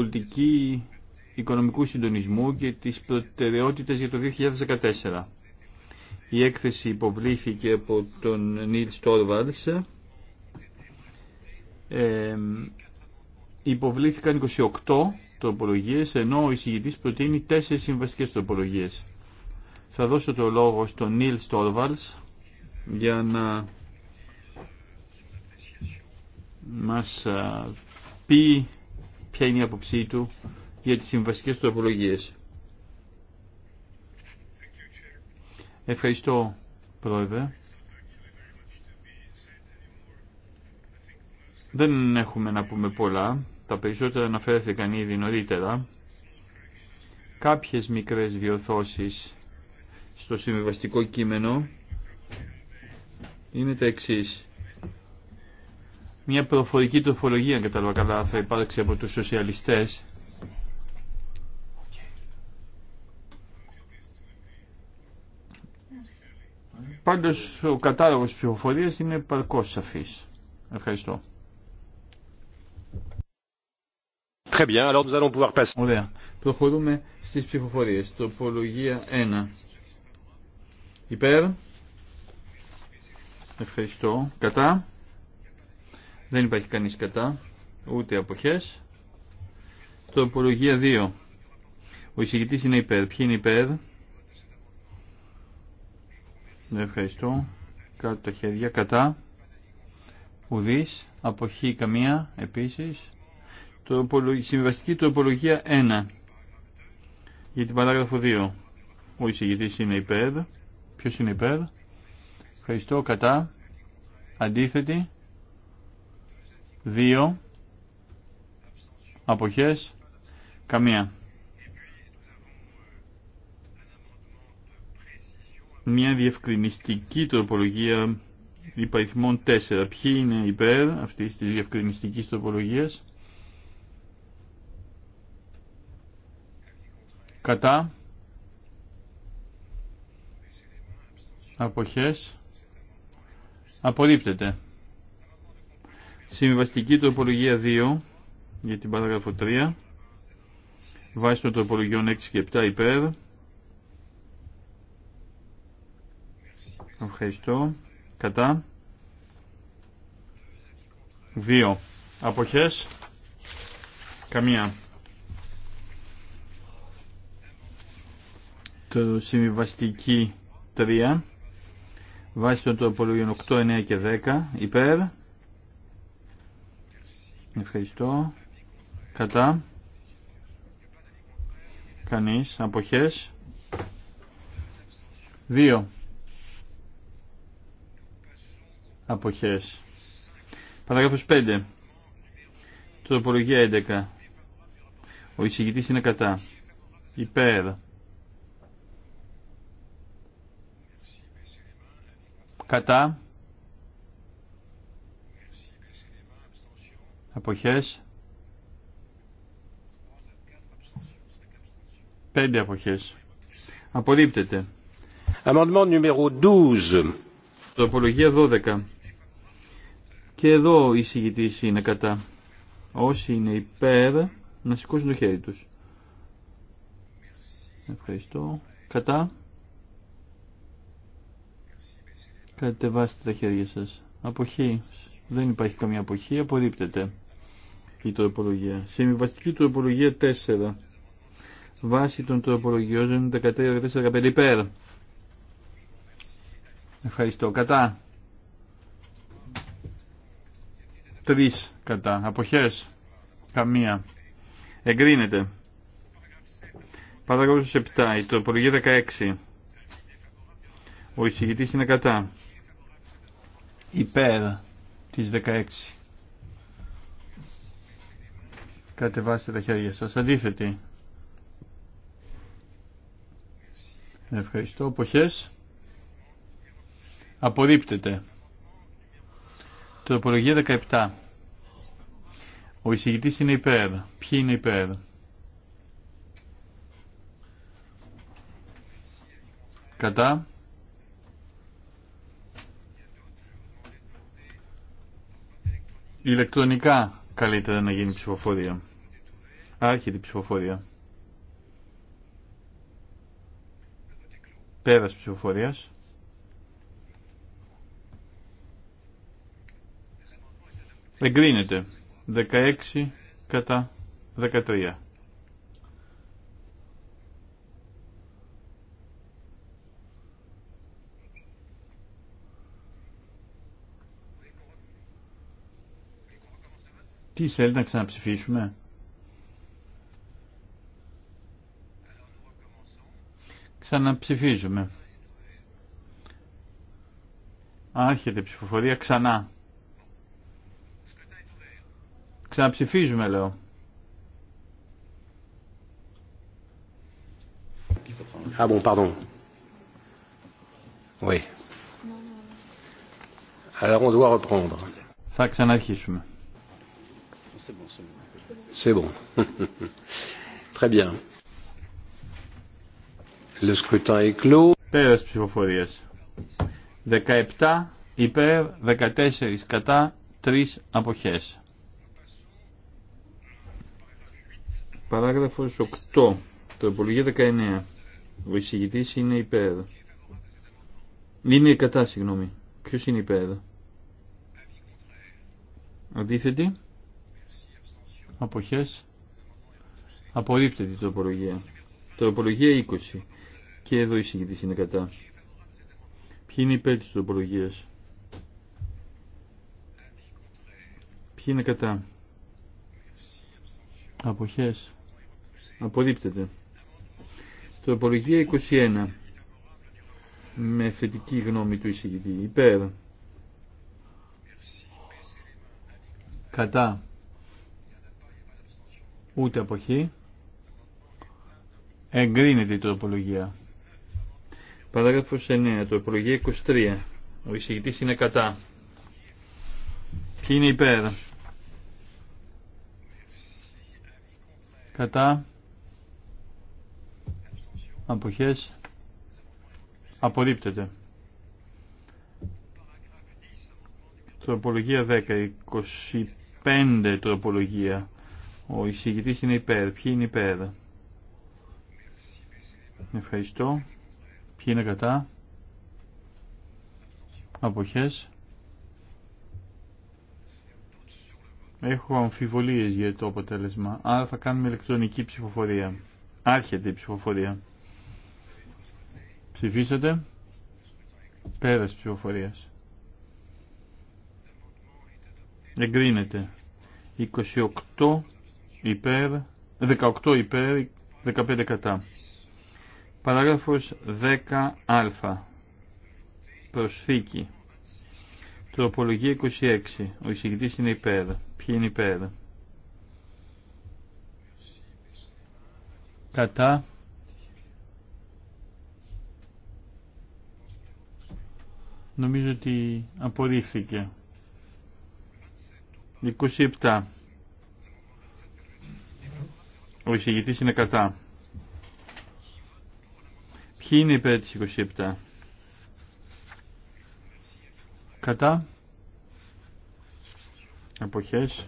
πολιτική οικονομικού συντονισμού και τις προτεραιότητες για το 2014. Η έκθεση υποβλήθηκε από τον Νίλ Στόρβαλς. Ε, υποβλήθηκαν 28 τροπολογίες, ενώ ο εισηγητής προτείνει 4 συμβαστικές τροπολογίες. Θα δώσω το λόγο στον Νίλ Στόρβαλς για να μας πει ποια είναι η αποψή του για τις συμβασικές του απολογίες. Ευχαριστώ, Πρόεδρε. Δεν έχουμε να πούμε πολλά. Τα περισσότερα αναφέρθηκαν ήδη νωρίτερα. Κάποιες μικρές διορθώσεις στο συμβιβαστικό κείμενο είναι τα εξής μια προφορική τροφολογία, αν κατάλαβα καλά, θα υπάρξει από τους σοσιαλιστές. Πάντως ο κατάλογος της είναι παρκώς σαφής. Ευχαριστώ. Très Ωραία. Προχωρούμε στις ψηφοφορίες. Τροπολογία 1. Υπέρ. Ευχαριστώ. Κατά. Δεν υπάρχει κανείς κατά, ούτε αποχές. Τροπολογία 2. Ο εισηγητής είναι υπέρ. Ποιοι είναι υπέρ. Ευχαριστώ. Κάτω τα χέρια. Κατά. Ουδής. Αποχή καμία επίσης. Συμβαστική τοπολογία 1. Για την παράγραφο 2. Ο εισηγητής είναι υπέρ. Ποιος είναι υπέρ. Ευχαριστώ. Κατά. Αντίθετη. Δύο. Αποχές. Καμία. Μια διευκρινιστική τροπολογία υπαριθμών τέσσερα. Ποιοι είναι υπέρ αυτή τη διευκρινιστική τροπολογία Κατά. Αποχές. Απορρίπτεται. Συμβιβαστική τροπολογία 2 για την παράγραφο 3 βάσει των τροπολογιών 6 και 7 υπέρ. Ευχαριστώ. Κατά. 2. Αποχές. Καμία. Το συμβιβαστική 3 βάσει των τροπολογιών 8, 9 και 10 υπέρ. Ευχαριστώ. Κατά. Κανείς. Αποχές. Δύο. Αποχές. Παράγραφος 5. Τροπολογία 11. Ο εισηγητής είναι κατά. Υπέρ. Κατά. αποχές, πέντε αποχές. Απορρίπτεται. Amendement numéro 12. απολογία 12. Και εδώ η εισηγητής είναι κατά. Όσοι είναι υπέρ, να σηκώσουν το χέρι τους. Ευχαριστώ. Κατά. Κατεβάστε τα χέρια σας. Αποχή. Δεν υπάρχει καμία αποχή. Απορρίπτεται η τροπολογία. Συμβιβαστική τροπολογία 4. Βάση των τροπολογιών 13-14-15 υπέρ. Ευχαριστώ. Κατά. Τρει, κατά. Αποχέ. Καμία. Εγκρίνεται. Παράγραφος 7. Η τροπολογία 16. Ο εισηγητή είναι κατά. Υπέρ τις 16. Κατεβάστε τα χέρια σας. Αντίθετη. Ευχαριστώ. Ποχές. Απορρίπτεται. Τροπολογία 17. Ο εισηγητής είναι υπέρ. Ποιοι είναι υπέρ. Κατά. Ηλεκτρονικά καλύτερα να γίνει ψηφοφορία. Άρχεται ψηφοφορία. Πέρας ψηφοφορίας. Εγκρίνεται. 16 κατά 13. Τι θέλει να ξαναψηφίσουμε. Ξαναψηφίζουμε. Άρχεται η ψηφοφορία ξανά. Ξαναψηφίζουμε λέω. Ah bon, pardon. Oui. Alors on doit reprendre. Θα ξαναρχίσουμε. C'est bon. Très bien. Le scrutin est clos. ψηφοφορίας. 17 υπέρ, 14 κατά, 3 αποχές. Παράγραφος 8. Το Τροπολογία 19. Ο εισηγητής είναι υπέρ. Είναι κατά, συγγνώμη. Ποιος είναι υπέρ. Αντίθετη αποχές απορρίπτεται η τροπολογία. Τροπολογία 20. Και εδώ η είναι κατά. Ποιοι είναι υπέρ της τροπολογίας. Ποιοι είναι κατά. Αποχές. Απορρίπτεται. Τροπολογία 21. Με θετική γνώμη του εισηγητή. Υπέρ. Κατά ούτε αποχή εγκρίνεται η τροπολογία. Παράγραφος 9, τροπολογία 23. Ο εισηγητής είναι κατά. Ποιοι είναι υπέρ. Κατά. Αποχές. Απορρίπτεται. Τροπολογία 10, 25 τροπολογία ο εισηγητής είναι υπέρ. Ποιοι είναι υπέρ. Ευχαριστώ. Ποιοι είναι κατά. Αποχές. Έχω αμφιβολίες για το αποτέλεσμα. Άρα θα κάνουμε ηλεκτρονική ψηφοφορία. Άρχεται η ψηφοφορία. Ψηφίσατε. Πέρας ψηφοφορίας. Εγκρίνεται. 28 υπέρ, 18 υπέρ, 15 κατά. Παράγραφος 10α. Προσθήκη. Τροπολογία 26. Ο εισηγητής είναι υπέρ. Ποιοι είναι υπέρ. Κατά. Νομίζω ότι απορρίφθηκε. 27. Ο εισηγητής είναι κατά. Ποιοι είναι υπέρ της 27. Κατά. Αποχές.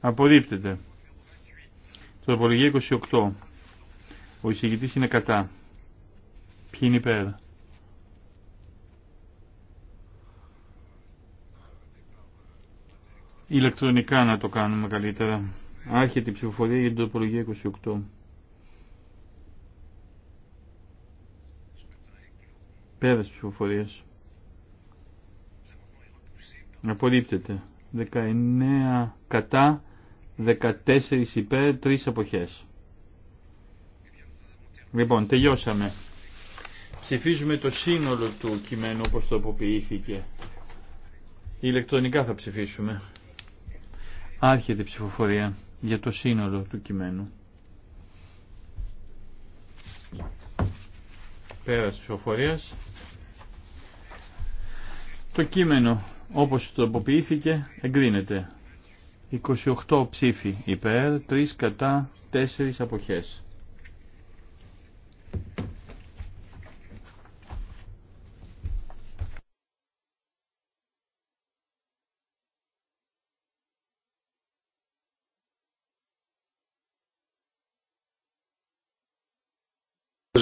Απορρίπτεται. Τροπολογία 28. Ο εισηγητής είναι κατά. Ποιοι είναι υπέρ. Ηλεκτρονικά να το κάνουμε καλύτερα. Άρχεται η ψηφοφορία για την τροπολογία 28. Πέρας ψηφοφορία. Απορρίπτεται. 19 κατά, 14 υπέρ, 3 αποχές. Λοιπόν, τελειώσαμε. Ψηφίζουμε το σύνολο του κειμένου όπως τοποποιήθηκε. Ηλεκτρονικά θα ψηφίσουμε. Άρχεται η ψηφοφορία για το σύνολο του κειμένου. Πέρας ψηφοφορίας. Το κείμενο όπως τοποποιήθηκε εγκρίνεται. 28 ψήφοι υπέρ, 3 κατά, 4 αποχές.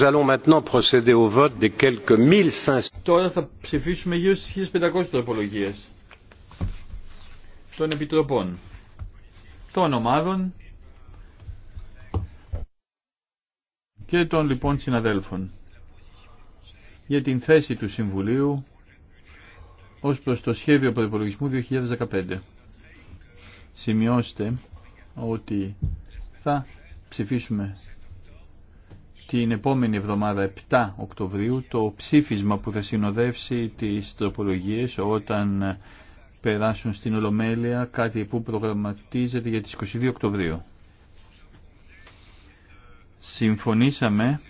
Nous allons maintenant procéder au vote des quelques 1500. Τώρα θα ψηφίσουμε γύρω στις 1500 τροπολογίες των επιτροπών, των ομάδων και των λοιπόν συναδέλφων για την θέση του Συμβουλίου ως προς το σχέδιο προϋπολογισμού 2015. Σημειώστε ότι θα ψηφίσουμε την επόμενη εβδομάδα 7 Οκτωβρίου το ψήφισμα που θα συνοδεύσει τις τροπολογίες όταν περάσουν στην Ολομέλεια κάτι που προγραμματίζεται για τις 22 Οκτωβρίου. Συμφωνήσαμε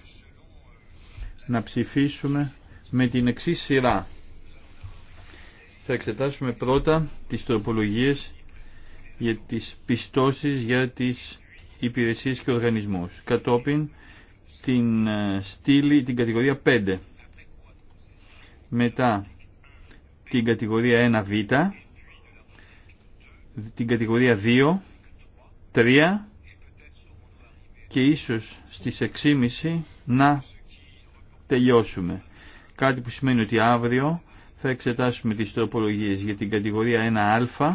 να ψηφίσουμε με την εξή σειρά. Θα εξετάσουμε πρώτα τις τροπολογίες για τις πιστώσεις για τις υπηρεσίες και οργανισμούς. Κατόπιν την ε, στήλη, την κατηγορία 5. Μετά την κατηγορία 1β, την κατηγορία 2, 3 και ίσως στις 6.30 να τελειώσουμε. Κάτι που σημαίνει ότι αύριο θα εξετάσουμε τις τροπολογίες για την κατηγορία 1α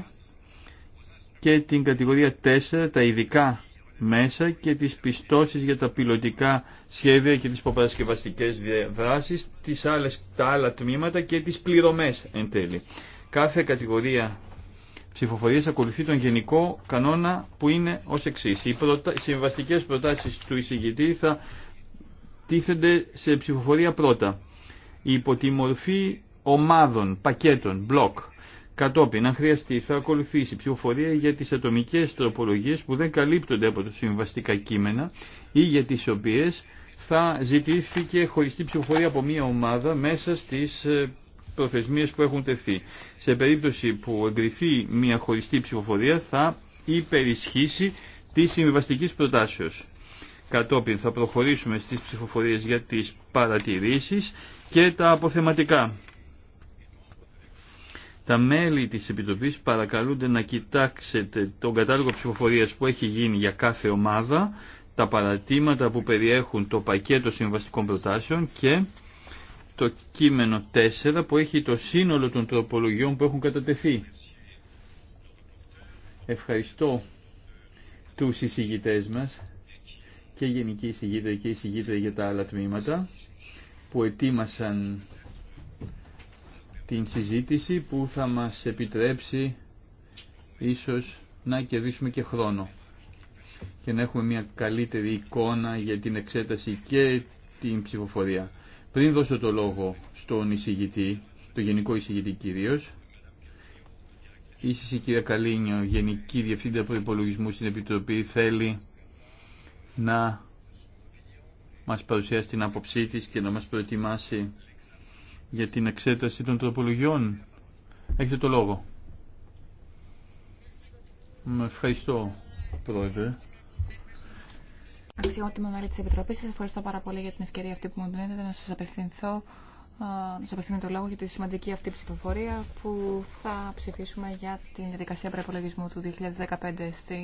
και την κατηγορία 4, τα ειδικά μέσα και τις πιστώσεις για τα πιλωτικά σχέδια και τις προπαρασκευαστικές δράσεις, τις άλλες, τα άλλα τμήματα και τις πληρωμές εν τέλει. Κάθε κατηγορία ψηφοφορίας ακολουθεί τον γενικό κανόνα που είναι ως εξής. Οι προτα... συμβαστικές προτάσεις του εισηγητή θα τίθενται σε ψηφοφορία πρώτα. Υπό τη μορφή ομάδων, πακέτων, μπλοκ, Κατόπιν, αν χρειαστεί, θα ακολουθήσει ψηφοφορία για τις ατομικές τροπολογίες που δεν καλύπτονται από τα συμβαστικά κείμενα ή για τις οποίες θα ζητήθηκε χωριστή ψηφοφορία από μία ομάδα μέσα στις ε, προθεσμίες που έχουν τεθεί. Σε περίπτωση που εγκριθεί μία χωριστή ψηφοφορία θα υπερισχύσει τη συμβαστικη προτάσεως. Κατόπιν θα προχωρήσουμε στις ψηφοφορίες για τις παρατηρήσεις και τα αποθεματικά. Τα μέλη της Επιτροπής παρακαλούνται να κοιτάξετε τον κατάλογο ψηφοφορίας που έχει γίνει για κάθε ομάδα, τα παρατήματα που περιέχουν το πακέτο συμβαστικών προτάσεων και το κείμενο 4 που έχει το σύνολο των τροπολογιών που έχουν κατατεθεί. Ευχαριστώ τους εισηγητές μας και γενική εισηγήτρια και εισηγήτρια για τα άλλα τμήματα που ετοίμασαν την συζήτηση που θα μας επιτρέψει ίσως να κερδίσουμε και χρόνο και να έχουμε μια καλύτερη εικόνα για την εξέταση και την ψηφοφορία. Πριν δώσω το λόγο στον εισηγητή, το γενικό εισηγητή κυρίω, ίσως η κυρία Καλίνιο, Γενική Διευθύντρια Προϋπολογισμού στην Επιτροπή, θέλει να μας παρουσιάσει την άποψή της και να μας προετοιμάσει για την εξέταση των τροπολογιών. Έχετε το λόγο. Με ευχαριστώ, Πρόεδρε. Αξιότιμα μέλη τη Επιτροπή, σα ευχαριστώ πάρα πολύ για την ευκαιρία αυτή που μου δίνετε να σας απευθυνθώ να σα απευθύνω το λόγο για τη σημαντική αυτή ψηφοφορία που θα ψηφίσουμε για την διαδικασία προπολογισμού του 2015 στι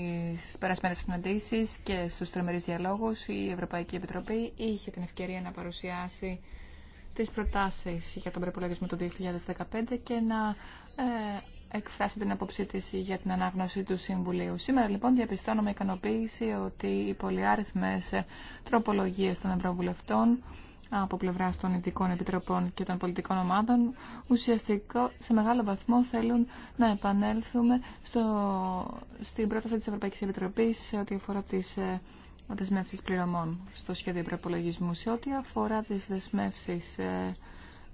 πέρασμένε συναντήσει και στου τρομερεί διαλόγου. Η Ευρωπαϊκή Επιτροπή είχε την ευκαιρία να παρουσιάσει τις προτάσεις για τον προπολογισμό του 2015 και να ε, εκφράσει την απόψη της για την ανάγνωση του Συμβουλίου. Σήμερα λοιπόν διαπιστώνω με ικανοποίηση ότι οι πολυάριθμες τροπολογίες των Ευρωβουλευτών από πλευρά των ειδικών επιτροπών και των πολιτικών ομάδων, ουσιαστικά σε μεγάλο βαθμό θέλουν να επανέλθουμε στο, στην πρόταση της Ευρωπαϊκής Επιτροπής σε ό,τι αφορά τις ε, δεσμεύσει πληρωμών στο σχέδιο προπολογισμού. Σε ό,τι αφορά τι δεσμεύσει ε,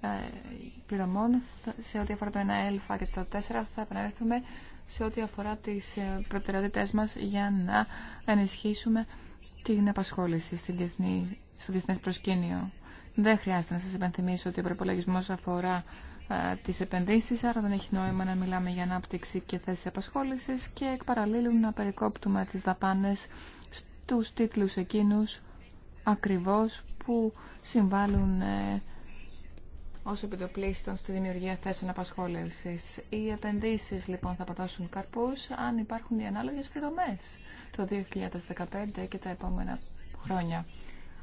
ε, πληρωμών, σε ό,τι αφορά το 1α και το 4, θα επανέλθουμε σε ό,τι αφορά τι ε, προτεραιότητέ μα για να ενισχύσουμε την απασχόληση διεθνή, στο διεθνέ προσκήνιο. Δεν χρειάζεται να σα υπενθυμίσω ότι ο προπολογισμό αφορά τι επενδύσει, άρα δεν έχει νόημα να μιλάμε για ανάπτυξη και θέση απασχόληση και εκ παραλίλου να περικόπτουμε τι δαπάνε τους τίτλους εκείνους ακριβώς που συμβάλλουν ε, ως επιτοπλίστων στη δημιουργία θέσεων απασχόληση. Οι επενδύσεις λοιπόν θα πατώσουν καρπούς αν υπάρχουν οι ανάλογες πληρωμές το 2015 και τα επόμενα χρόνια.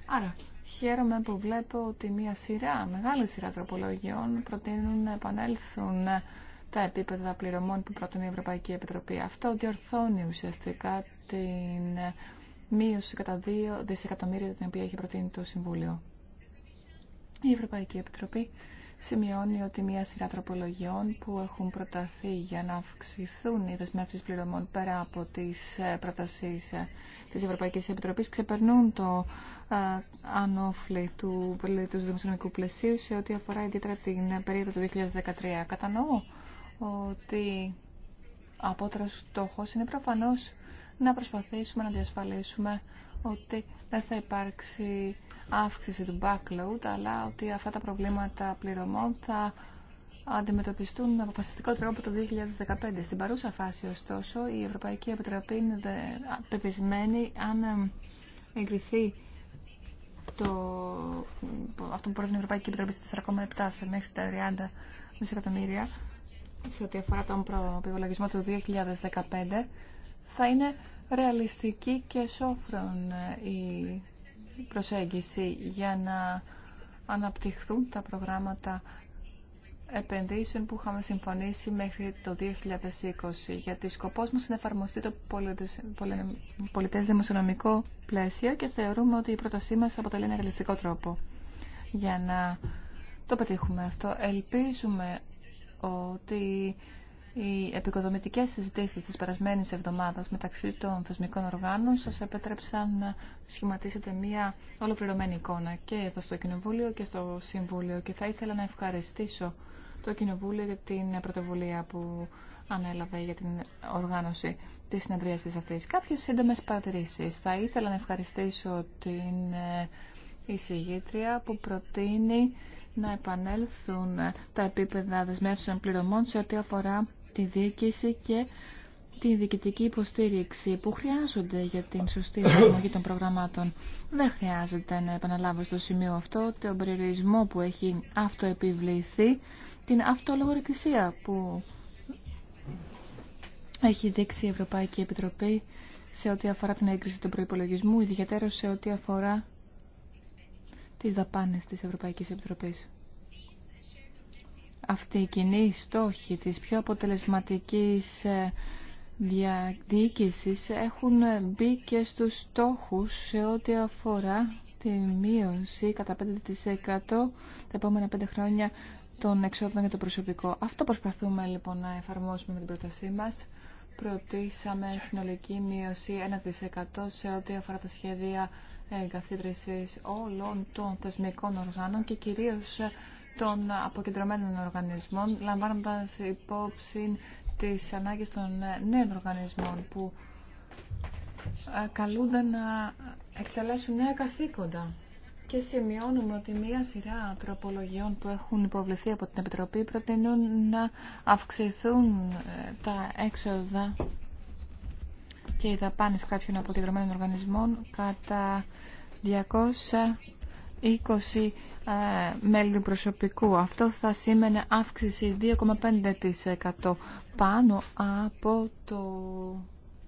Άρα, χαίρομαι που βλέπω ότι μία σειρά, μεγάλη σειρά τροπολογιών προτείνουν να επανέλθουν τα επίπεδα πληρωμών που προτείνει η Ευρωπαϊκή Επιτροπή. Αυτό διορθώνει ουσιαστικά την μείωση κατά 2 δισεκατομμύρια την οποία έχει προτείνει το Συμβούλιο. Η Ευρωπαϊκή Επιτροπή σημειώνει ότι μια σειρά τροπολογιών που έχουν προταθεί για να αυξηθούν οι δεσμεύσει πληρωμών πέρα από τι ε, προτασίες ε, τη Ευρωπαϊκή Επιτροπή ξεπερνούν το ε, ανώφλι του, του δημοσιονομικού πλαισίου σε ό,τι αφορά ιδιαίτερα την περίοδο του 2013. Κατανοώ ότι απότερο στόχο είναι προφανώ να προσπαθήσουμε να διασφαλίσουμε ότι δεν θα υπάρξει αύξηση του backload, αλλά ότι αυτά τα προβλήματα πληρωμών θα αντιμετωπιστούν με αποφασιστικό τρόπο το 2015. Στην παρούσα φάση, ωστόσο, η Ευρωπαϊκή Επιτροπή είναι πεπισμένη αν ε, εγκριθεί το, αυτό που πρότεινε η Ευρωπαϊκή Επιτροπή σε 4,7 σε μέχρι τα 30 δισεκατομμύρια σε ό,τι αφορά τον προπολογισμό του 2015 θα είναι ρεαλιστική και σόφρον ε, η προσέγγιση για να αναπτυχθούν τα προγράμματα επενδύσεων που είχαμε συμφωνήσει μέχρι το 2020. Γιατί σκοπός μας είναι εφαρμοστεί το πολιτές δημοσιονομικό πλαίσιο και θεωρούμε ότι η πρότασή μας αποτελεί ένα ρεαλιστικό τρόπο για να το πετύχουμε αυτό. Ελπίζουμε ότι οι επικοδομητικέ συζητήσει τη περασμένη εβδομάδα μεταξύ των θεσμικών οργάνων σα επέτρεψαν να σχηματίσετε μία ολοκληρωμένη εικόνα και εδώ στο Κοινοβούλιο και στο Συμβούλιο και θα ήθελα να ευχαριστήσω το Κοινοβούλιο για την πρωτοβουλία που ανέλαβε για την οργάνωση της τη αυτή. Κάποιε σύντομε παρατηρήσει. Θα ήθελα να ευχαριστήσω την ε, εισηγήτρια που προτείνει να επανέλθουν τα επίπεδα δεσμεύσεων πληρωμών σε ό,τι αφορά τη διοίκηση και την διοικητική υποστήριξη που χρειάζονται για την σωστή εφαρμογή των προγραμμάτων. Δεν χρειάζεται να επαναλάβω στο σημείο αυτό τον περιορισμό που έχει αυτοεπιβληθεί, την αυτολογορικήσια που έχει δείξει η Ευρωπαϊκή Επιτροπή σε ό,τι αφορά την έγκριση του προϋπολογισμού, ιδιαίτερα σε ό,τι αφορά τις δαπάνες της Ευρωπαϊκής Επιτροπής αυτή η κοινή στόχη της πιο αποτελεσματικής ε, διοίκησης έχουν μπει και στους στόχους σε ό,τι αφορά τη μείωση κατά 5% τα επόμενα 5 χρόνια των εξόδων για το προσωπικό. Αυτό προσπαθούμε λοιπόν να εφαρμόσουμε με την πρότασή μας. Προτήσαμε συνολική μείωση 1% σε ό,τι αφορά τα σχέδια εγκαθίδρυσης όλων των θεσμικών οργάνων και κυρίως των αποκεντρωμένων οργανισμών, λαμβάνοντας υπόψη τις ανάγκες των νέων οργανισμών που ε, καλούνται να εκτελέσουν νέα καθήκοντα. Και σημειώνουμε ότι μία σειρά τροπολογιών που έχουν υποβληθεί από την Επιτροπή προτείνουν να αυξηθούν ε, τα έξοδα και οι δαπάνες κάποιων αποκεντρωμένων οργανισμών κατά 200 20 ε, μέλη προσωπικού. Αυτό θα σήμαινε αύξηση 2,5% πάνω από το...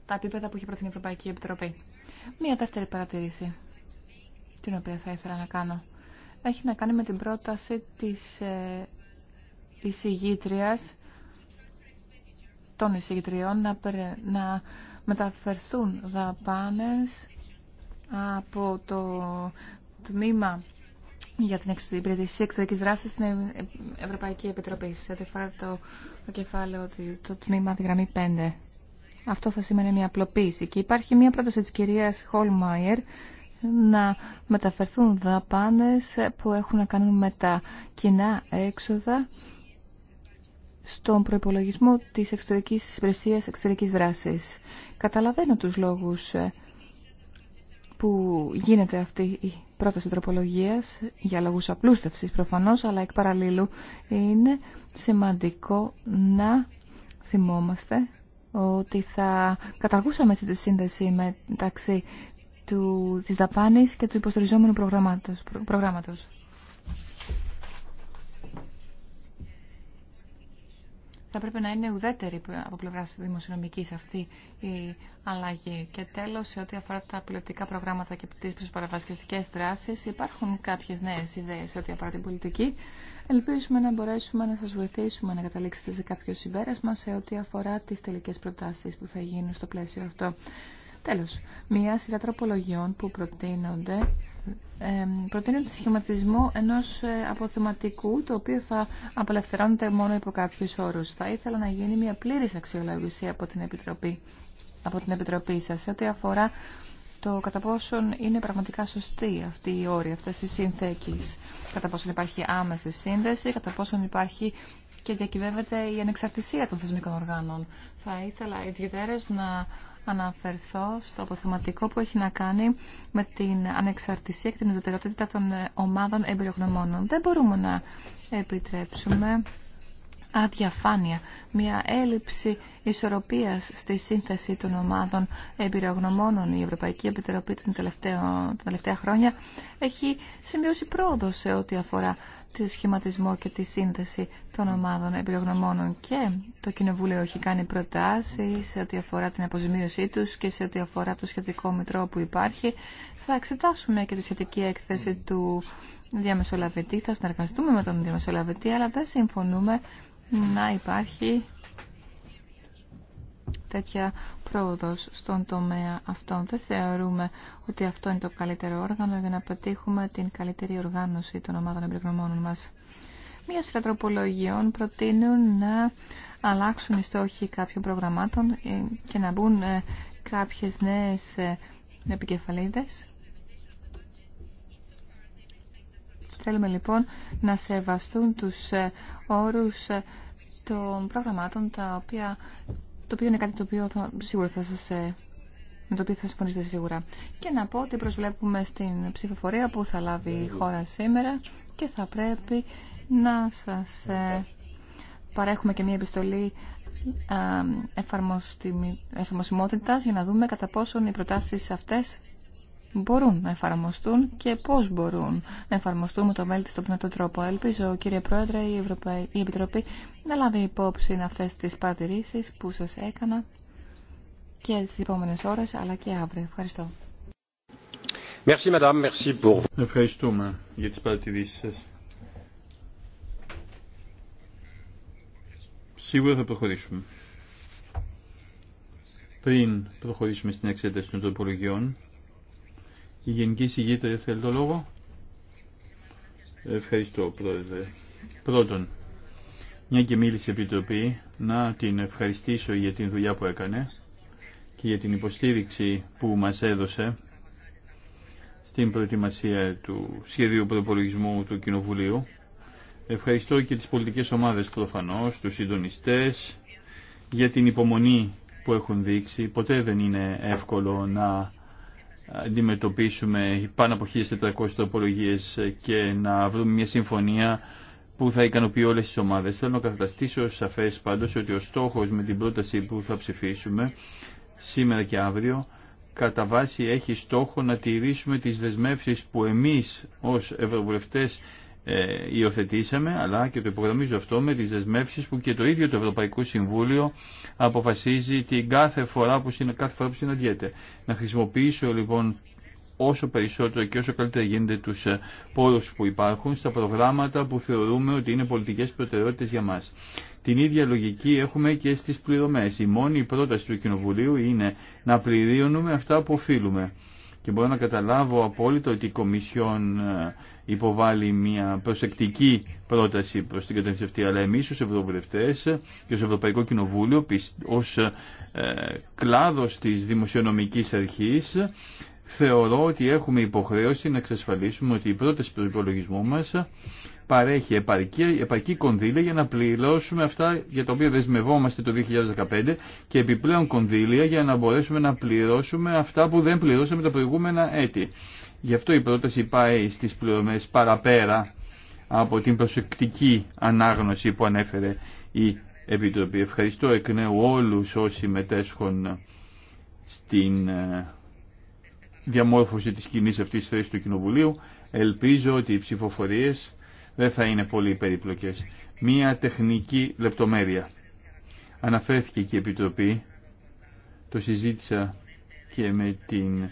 τα επίπεδα που έχει προτείνει η Ευρωπαϊκή Επιτροπή. Μία δεύτερη παρατηρήση, την οποία θα ήθελα να κάνω, έχει να κάνει με την πρόταση της ε, εισηγήτριας των εισηγητριών να, να μεταφερθούν δαπάνες από το τμήμα για την υπηρετησία εξωτερική δράση στην Ευρωπαϊκή Επιτροπή, σε ό,τι αφορά το, το κεφάλαιο, το, το τμήμα, τη γραμμή 5. Αυτό θα σημαίνει μια απλοποίηση. Και υπάρχει μια πρόταση τη κυρία Χολμάιερ να μεταφερθούν δαπάνες που έχουν να κάνουν με τα κοινά έξοδα στον προϋπολογισμό της εξωτερικής υπηρεσία εξωτερικής δράσης. Καταλαβαίνω τους λόγους ε, που γίνεται αυτή η πρόταση τροπολογίας για λόγους απλούστευσης προφανώς, αλλά εκ παραλλήλου είναι σημαντικό να θυμόμαστε ότι θα καταργούσαμε τη σύνδεση μεταξύ του, της και του υποστηριζόμενου προγράμματος. προγράμματος. θα πρέπει να είναι ουδέτερη από πλευρά δημοσιονομική αυτή η αλλαγή. Και τέλο, σε ό,τι αφορά τα πολιτικά προγράμματα και τι προσπαραβασκευτικέ δράσει, υπάρχουν κάποιε νέε ιδέε σε ό,τι αφορά την πολιτική. Ελπίζουμε να μπορέσουμε να σα βοηθήσουμε να καταλήξετε σε κάποιο συμπέρασμα σε ό,τι αφορά τι τελικέ προτάσει που θα γίνουν στο πλαίσιο αυτό. Τέλο, μία σειρά τροπολογιών που προτείνονται Προτείνω το σχηματισμό ενός ε, αποθεματικού το οποίο θα απελευθερώνεται μόνο υπό κάποιους όρους. Θα ήθελα να γίνει μια πλήρης αξιολόγηση από την Επιτροπή, από την Επιτροπή σας σε ό,τι αφορά το κατά πόσον είναι πραγματικά σωστή αυτή η όρη, αυτές οι συνθέκεις. Κατά πόσον υπάρχει άμεση σύνδεση, κατά πόσον υπάρχει και διακυβεύεται η ανεξαρτησία των θεσμικών οργάνων. Θα ήθελα ιδιαίτερως να αναφερθώ στο αποθεματικό που έχει να κάνει με την ανεξαρτησία και την ιδιωτερότητα των ομάδων εμπειρογνωμόνων. Δεν μπορούμε να επιτρέψουμε αδιαφάνεια, μια έλλειψη ισορροπίας στη σύνθεση των ομάδων εμπειρογνωμόνων. Η Ευρωπαϊκή Επιτροπή τα τελευταία χρόνια έχει σημειώσει πρόοδο σε ό,τι αφορά το σχηματισμό και τη σύνθεση των ομάδων εμπειρογνωμόνων και το Κοινοβούλιο έχει κάνει προτάσεις σε ό,τι αφορά την αποζημίωσή τους και σε ό,τι αφορά το σχετικό μητρό που υπάρχει. Θα εξετάσουμε και τη σχετική έκθεση του διαμεσολαβητή, θα συνεργαστούμε με τον διαμεσολαβητή, αλλά δεν συμφωνούμε να υπάρχει τέτοια πρόοδος στον τομέα αυτών. Δεν θεωρούμε ότι αυτό είναι το καλύτερο όργανο για να πετύχουμε την καλύτερη οργάνωση των ομάδων εμπειρογνωμόνων μας. Μία σειρά τροπολογιών προτείνουν να αλλάξουν οι στόχοι κάποιων προγραμμάτων ε, και να μπουν ε, κάποιες νέες ε, επικεφαλίδες. Θέλουμε λοιπόν να σεβαστούν τους όρους των προγραμμάτων τα οποία το οποίο είναι κάτι το οποίο θα, σίγουρα θα σας, ε, με το οποίο θα συμφωνήσετε σίγουρα. Και να πω ότι προσβλέπουμε στην ψηφοφορία που θα λάβει η χώρα σήμερα και θα πρέπει να σας ε, παρέχουμε και μια επιστολή ε, εφαρμοσιμότητας για να δούμε κατά πόσον οι προτάσεις αυτές μπορούν να εφαρμοστούν και πώς μπορούν να εφαρμοστούν με το βέλτιστο πνευματικό τρόπο. Ελπίζω, κύριε Πρόεδρε, η, Ευρωπαϊ... Επιτροπή να λάβει υπόψη αυτές τις παρατηρήσεις που σας έκανα και τις επόμενες ώρες, αλλά και αύριο. Ευχαριστώ. Ευχαριστούμε για τις παρατηρήσεις σας. Σίγουρα θα προχωρήσουμε. Πριν προχωρήσουμε στην εξέταση των τροπολογιών, η Γενική Συγγήτρια θέλει το λόγο. Ευχαριστώ Πρόεδρε. Πρώτον, μια και μίλησε η Επιτροπή, να την ευχαριστήσω για την δουλειά που έκανε και για την υποστήριξη που μας έδωσε στην προετοιμασία του σχεδίου προπολογισμού του Κοινοβουλίου. Ευχαριστώ και τις πολιτικές ομάδες προφανώς, τους συντονιστές, για την υπομονή που έχουν δείξει. Ποτέ δεν είναι εύκολο να αντιμετωπίσουμε πάνω από 1.400 τροπολογίε και να βρούμε μια συμφωνία που θα ικανοποιεί όλε τι ομάδε. Θέλω να καταστήσω σαφέ πάντω ότι ο στόχο με την πρόταση που θα ψηφίσουμε σήμερα και αύριο κατά βάση έχει στόχο να τηρήσουμε τις δεσμεύσεις που εμείς ως Ευρωβουλευτές ε, υιοθετήσαμε, αλλά και το υπογραμμίζω αυτό με τις δεσμεύσει που και το ίδιο το Ευρωπαϊκό Συμβούλιο αποφασίζει την κάθε φορά που, κάθε φορά που συναντιέται. Να χρησιμοποιήσω λοιπόν όσο περισσότερο και όσο καλύτερα γίνεται τους ε, πόρους που υπάρχουν στα προγράμματα που θεωρούμε ότι είναι πολιτικές προτεραιότητες για μας. Την ίδια λογική έχουμε και στις πληρωμές. Η μόνη πρόταση του Κοινοβουλίου είναι να πληρώνουμε αυτά που οφείλουμε και μπορώ να καταλάβω απόλυτο ότι η Κομισιόν ε, υποβάλλει μια προσεκτική πρόταση προς την κατεύθυνση αυτή, αλλά εμείς ως Ευρωβουλευτές και ως Ευρωπαϊκό Κοινοβούλιο, ως ε, κλάδος της Δημοσιονομικής Αρχής, θεωρώ ότι έχουμε υποχρέωση να εξασφαλίσουμε ότι οι πρώτες προϋπολογισμού μας παρέχει επαρκή, επαρκή κονδύλια για να πληρώσουμε αυτά για τα οποία δεσμευόμαστε το 2015 και επιπλέον κονδύλια για να μπορέσουμε να πληρώσουμε αυτά που δεν πληρώσαμε τα προηγούμενα έτη. Γι' αυτό η πρόταση πάει στις πληρωμές παραπέρα από την προσεκτική ανάγνωση που ανέφερε η Επιτροπή. Ευχαριστώ εκ νέου όλους όσοι μετέσχουν στην ε, διαμόρφωση της κοινή αυτής θέσης του Κοινοβουλίου. Ελπίζω ότι οι ψηφοφορίες δεν θα είναι πολύ περίπλοκες. Μία τεχνική λεπτομέρεια. Αναφέρθηκε και η Επιτροπή, το συζήτησα και με την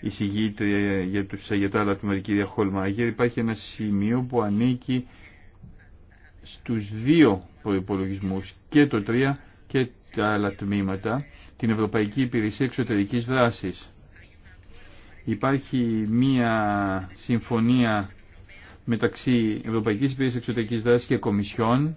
εισηγήτρια για τους Σαγετάλα του χόλμα. Χολμάγερ, υπάρχει ένα σημείο που ανήκει στους δύο προϋπολογισμούς, και το τρία και τα άλλα τμήματα, την Ευρωπαϊκή Υπηρεσία Εξωτερικής Δράσης. Υπάρχει μία συμφωνία μεταξύ Ευρωπαϊκής Υπηρεσίας Εξωτερικής Δράσης και Κομισιόν,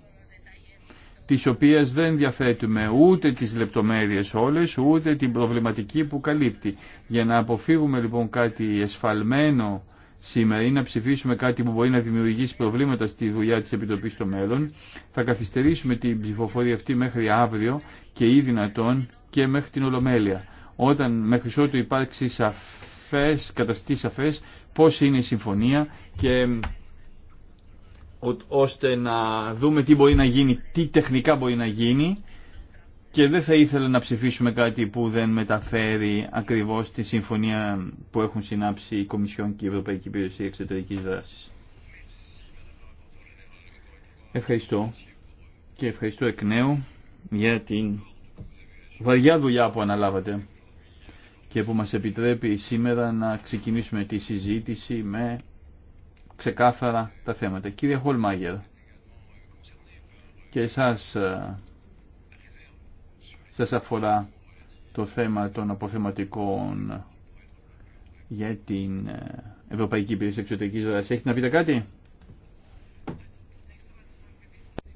τις οποίες δεν διαθέτουμε ούτε τις λεπτομέρειες όλες, ούτε την προβληματική που καλύπτει. Για να αποφύγουμε λοιπόν κάτι εσφαλμένο σήμερα ή να ψηφίσουμε κάτι που μπορεί να δημιουργήσει προβλήματα στη δουλειά της Επιτροπής στο μέλλον, θα καθυστερήσουμε την ψηφοφορία αυτή μέχρι αύριο και ή δυνατόν και μέχρι την Ολομέλεια. Όταν μέχρι ότου υπάρξει σαφές, καταστεί σαφές πώς είναι η συμφωνία και ώστε να δούμε τι μπορεί να γίνει, τι τεχνικά μπορεί να γίνει και δεν θα ήθελα να ψηφίσουμε κάτι που δεν μεταφέρει ακριβώς τη συμφωνία που έχουν συνάψει η Κομισιόν και η Ευρωπαϊκή Υπηρεσία Εξωτερικής Δράσης. Ευχαριστώ και ευχαριστώ εκ νέου για την βαριά δουλειά που αναλάβατε και που μας επιτρέπει σήμερα να ξεκινήσουμε τη συζήτηση με ξεκάθαρα τα θέματα. Κύριε Χολμάγερ, και εσάς ε, σας αφορά το θέμα των αποθεματικών για την ε, Ευρωπαϊκή Υπηρεσία Εξωτερικής Δράσης. Έχετε να πείτε κάτι?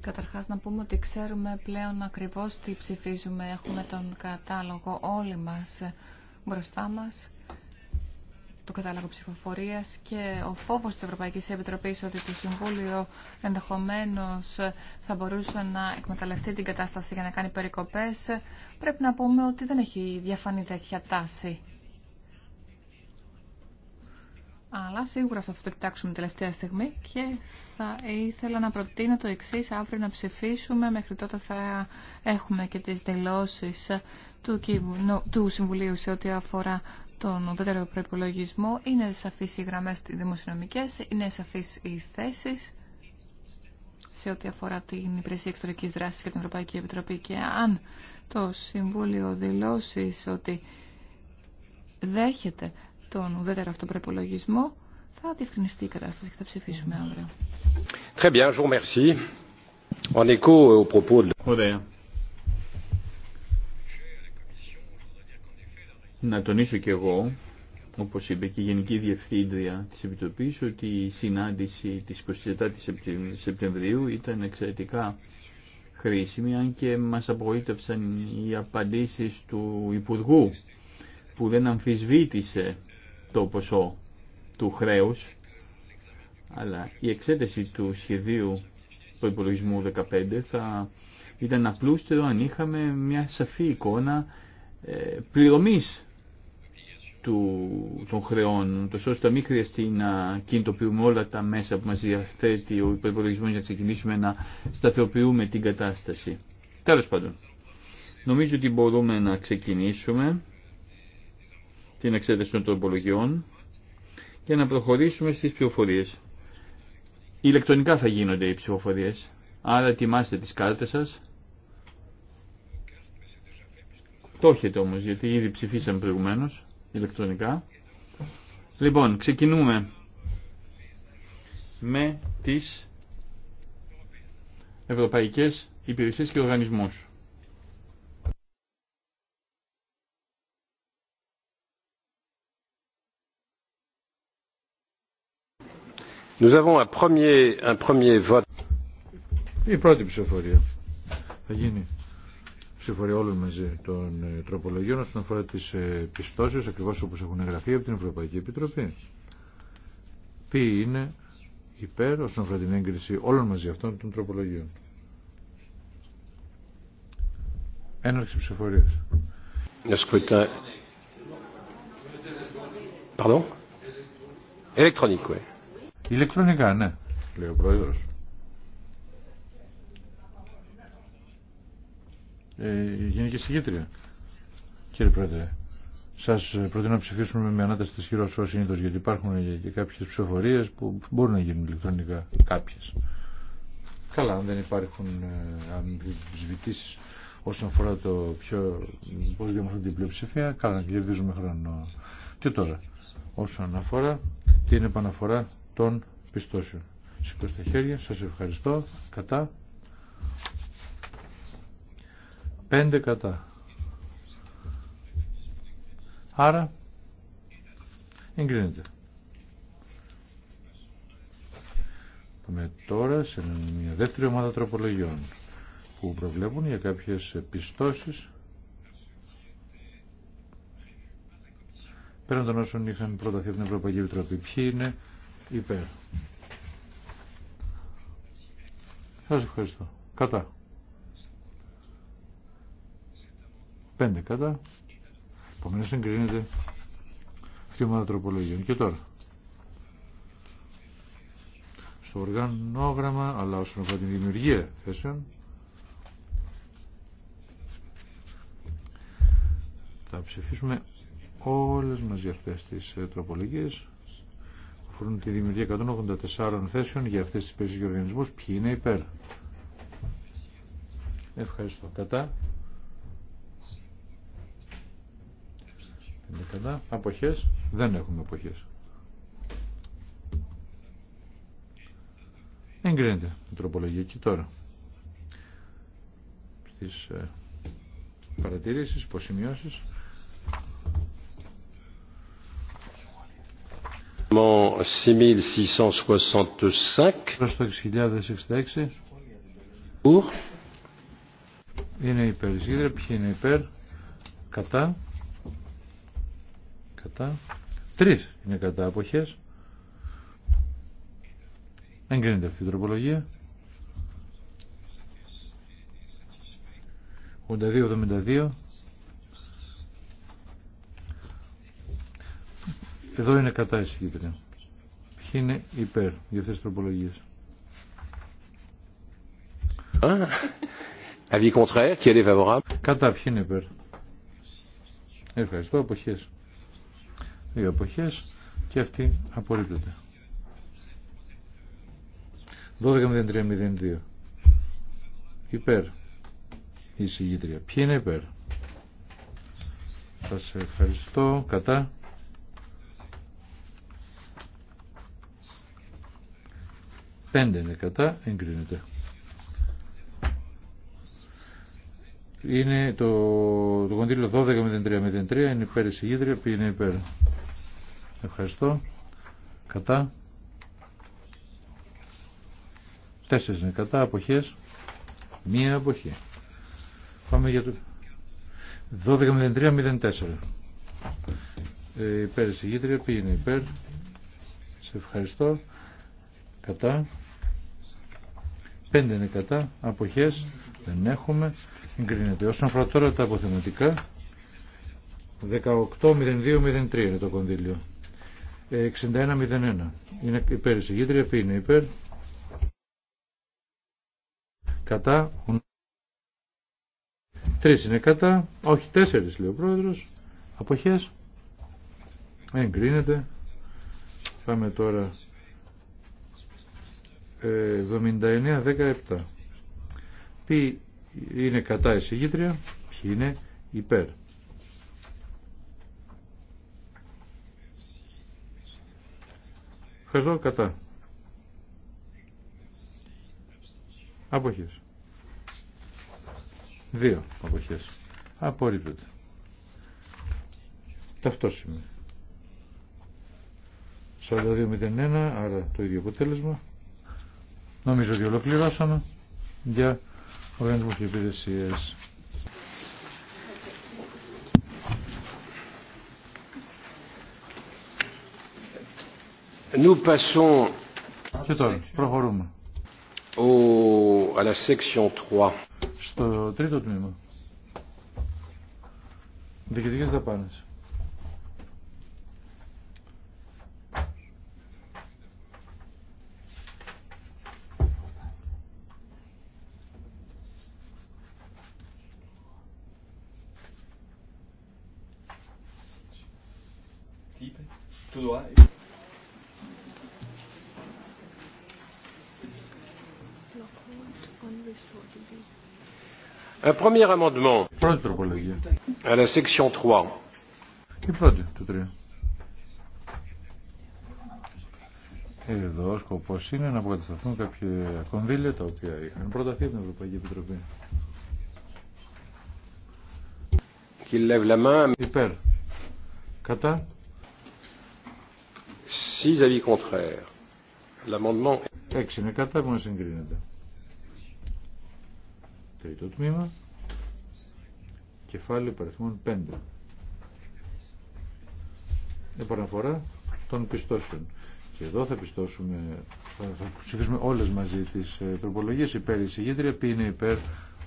Καταρχάς να πούμε ότι ξέρουμε πλέον ακριβώς τι ψηφίζουμε. Έχουμε τον κατάλογο όλοι μας μπροστά μας το κατάλογο ψηφοφορία και ο φόβο τη Ευρωπαϊκή Επιτροπή ότι το Συμβούλιο ενδεχομένω θα μπορούσε να εκμεταλλευτεί την κατάσταση για να κάνει περικοπέ, πρέπει να πούμε ότι δεν έχει διαφανεί τέτοια τάση. Αλλά σίγουρα αυτό θα το κοιτάξουμε τελευταία στιγμή και θα ήθελα να προτείνω το εξή αύριο να ψηφίσουμε. Μέχρι τότε θα έχουμε και τις δηλώσεις του, του Συμβουλίου σε ό,τι αφορά τον δεύτερο προπολογισμό. Είναι σαφείς οι γραμμές δημοσιονομικές, είναι σαφείς οι θέσεις σε ό,τι αφορά την υπηρεσία εξωτερικής δράσης και την Ευρωπαϊκή Επιτροπή και αν το Συμβούλιο δηλώσει ότι δέχεται τον ουδέτερο αυτοπροπολογισμό προπολογισμό, θα διευκρινιστεί η κατάσταση και θα ψηφίσουμε αύριο. Très bien, je vous remercie. En écho propos de... Ωραία. Να τονίσω και εγώ, όπως είπε και η Γενική Διευθύντρια της Επιτροπής, ότι η συνάντηση της 24 η Σεπτεμβρίου ήταν εξαιρετικά χρήσιμη, αν και μας απογοήτευσαν οι απαντήσεις του Υπουργού, που δεν αμφισβήτησε το ποσό του χρέους, αλλά η εξέταση του σχεδίου υπολογισμού 15 θα ήταν απλούστερο αν είχαμε μια σαφή εικόνα ε, πληρωμής του, των χρεών, το ώστε να μην χρειαστεί να κινητοποιούμε όλα τα μέσα που μας διαθέτει ο υπερπολογισμός για να ξεκινήσουμε να σταθεροποιούμε την κατάσταση. Τέλος πάντων, νομίζω ότι μπορούμε να ξεκινήσουμε την εξέταση των τροπολογιών και να προχωρήσουμε στις ψηφοφορίες. Ηλεκτρονικά θα γίνονται οι ψηφοφορίες, άρα ετοιμάστε τις κάρτες σας. Το έχετε όμως, γιατί ήδη ψηφίσαμε προηγουμένως, ηλεκτρονικά. Λοιπόν, ξεκινούμε με τις ευρωπαϊκές υπηρεσίες και οργανισμούς. Nous avons Η πρώτη ψηφοφορία θα γίνει ψηφοφορία όλων μαζί των ε, τροπολογιών όσον αφορά τι ε, πιστώσει ακριβώ όπω έχουν εγγραφεί από την Ευρωπαϊκή Επιτροπή. Ποιοι είναι υπέρ όσον αφορά την έγκριση όλων μαζί αυτών των τροπολογιών. Έναρξη ψηφοφορία. Pardon ναι. Ηλεκτρονικά, ναι, λέει ο πρόεδρο. Ε, Γενική Συγκέντρια. κύριε Πρόεδρε, σας προτείνω να ψηφίσουμε με ανάταση τη χειρό ω συνήθω, γιατί υπάρχουν και κάποιες ψηφοφορίες που μπορούν να γίνουν ηλεκτρονικά, κάποιες. Καλά, αν δεν υπάρχουν ε, αμφισβητήσει όσον αφορά το πιο πώς διαμορφώνεται η πλειοψηφία, καλά, κερδίζουμε χρόνο. Και τώρα, όσον αφορά την επαναφορά των πιστώσεων. Σηκώστε χέρια, σας ευχαριστώ. Κατά. Πέντε κατά. Άρα, εγκρίνεται. Πάμε τώρα σε μια δεύτερη ομάδα τροπολογιών που προβλέπουν για κάποιες πιστώσεις πέραν των όσων είχαν προταθεί από την Ευρωπαϊκή Επιτροπή. Ποιοι είναι Υπέρ. Σας ευχαριστώ. Κατά. Πέντε κατά. Επομένως συγκρίνεται αυτή η ομάδα τροπολογιών. Και τώρα. Στο οργανόγραμμα, αλλά όσον αφορά την δημιουργία θέσεων, θα ψηφίσουμε όλες μαζί αυτές τις ε, τροπολογίες αφορούν τη δημιουργία 184 θέσεων για αυτές τις περισσότερες οργανισμούς. Ποιοι είναι υπέρ. Ευχαριστώ. Κατά. Είναι κατά. Αποχές. Δεν έχουμε αποχές. Εγκρίνεται η τροπολογική τώρα. Στις ε, παρατηρήσεις, υποσημειώσεις. 6665. Pour. Είναι υπέρ ποιοι είναι υπέρ, κατά, κατά, τρεις είναι κατά αποχές. Εγκρίνεται αυτή η τροπολογία. 82-72 Εδώ είναι κατά η συγκίτρια. Ποιοι είναι υπέρ για αυτές τις τροπολογίες. Κατά, ποιοι είναι υπέρ. Ευχαριστώ, αποχές. Δύο αποχές και αυτή απορρίπτεται. 12.03.02 Υπέρ η συγγήτρια. Ποιοι είναι υπέρ. Σας ευχαριστώ. Κατά. 5 είναι κατά, εγκρίνεται. Είναι το, το κονδύλιο 12.03.03, είναι υπέρ εισηγήτρια, ποιοι είναι υπέρ. Ευχαριστώ. Κατά. Τέσσερις είναι κατά, αποχές. Μία αποχή. Πάμε για το... 12.03.04. Ε, υπέρ εισηγήτρια, ποιοι είναι υπέρ. Σε ευχαριστώ. Κατά πέντε είναι κατά, αποχές δεν έχουμε, εγκρίνεται. Όσον αφορά τώρα τα αποθεματικά, 18.02.03 είναι το κονδύλιο. 61.01 ε, είναι υπέρ εισηγήτρια, ποιοι είναι υπέρ. Κατά, τρεις είναι κατά, όχι τέσσερις λέει ο πρόεδρος, αποχές, εγκρίνεται. Πάμε τώρα 79-17. Ποιοι είναι κατά εισηγήτρια, ποιοι είναι υπέρ. Ευχαριστώ, κατά. Αποχές. Δύο αποχές. Απορρίπτεται. Ταυτόσημη. 42-01, άρα το ίδιο αποτέλεσμα. Νομίζω ότι ολοκληρώσαμε για οργανισμούς και υπηρεσίες. Και τώρα, προχωρούμε. 3. Στο τρίτο τμήμα. Διοικητικές δαπάνες. premier amendement. Πρώτη τροπολογία. À la section 3. Η πρώτη του Εδώ ο σκοπό είναι να αποκατασταθούν κάποια κονδύλια τα οποία είχαν προταθεί από την Ευρωπαϊκή Επιτροπή. Υπέρ. Κατά. Six avis contraires. L'amendement. Έξι είναι κατά, που μόνο συγκρίνεται. Τρίτο τμήμα κεφάλαιο παριθμών 5. Επαναφορά των πιστώσεων. Και εδώ θα πιστώσουμε, θα ψηφίσουμε όλες μαζί τις ε, τροπολογίες υπέρ η συγγήτρια, ποιοι είναι υπέρ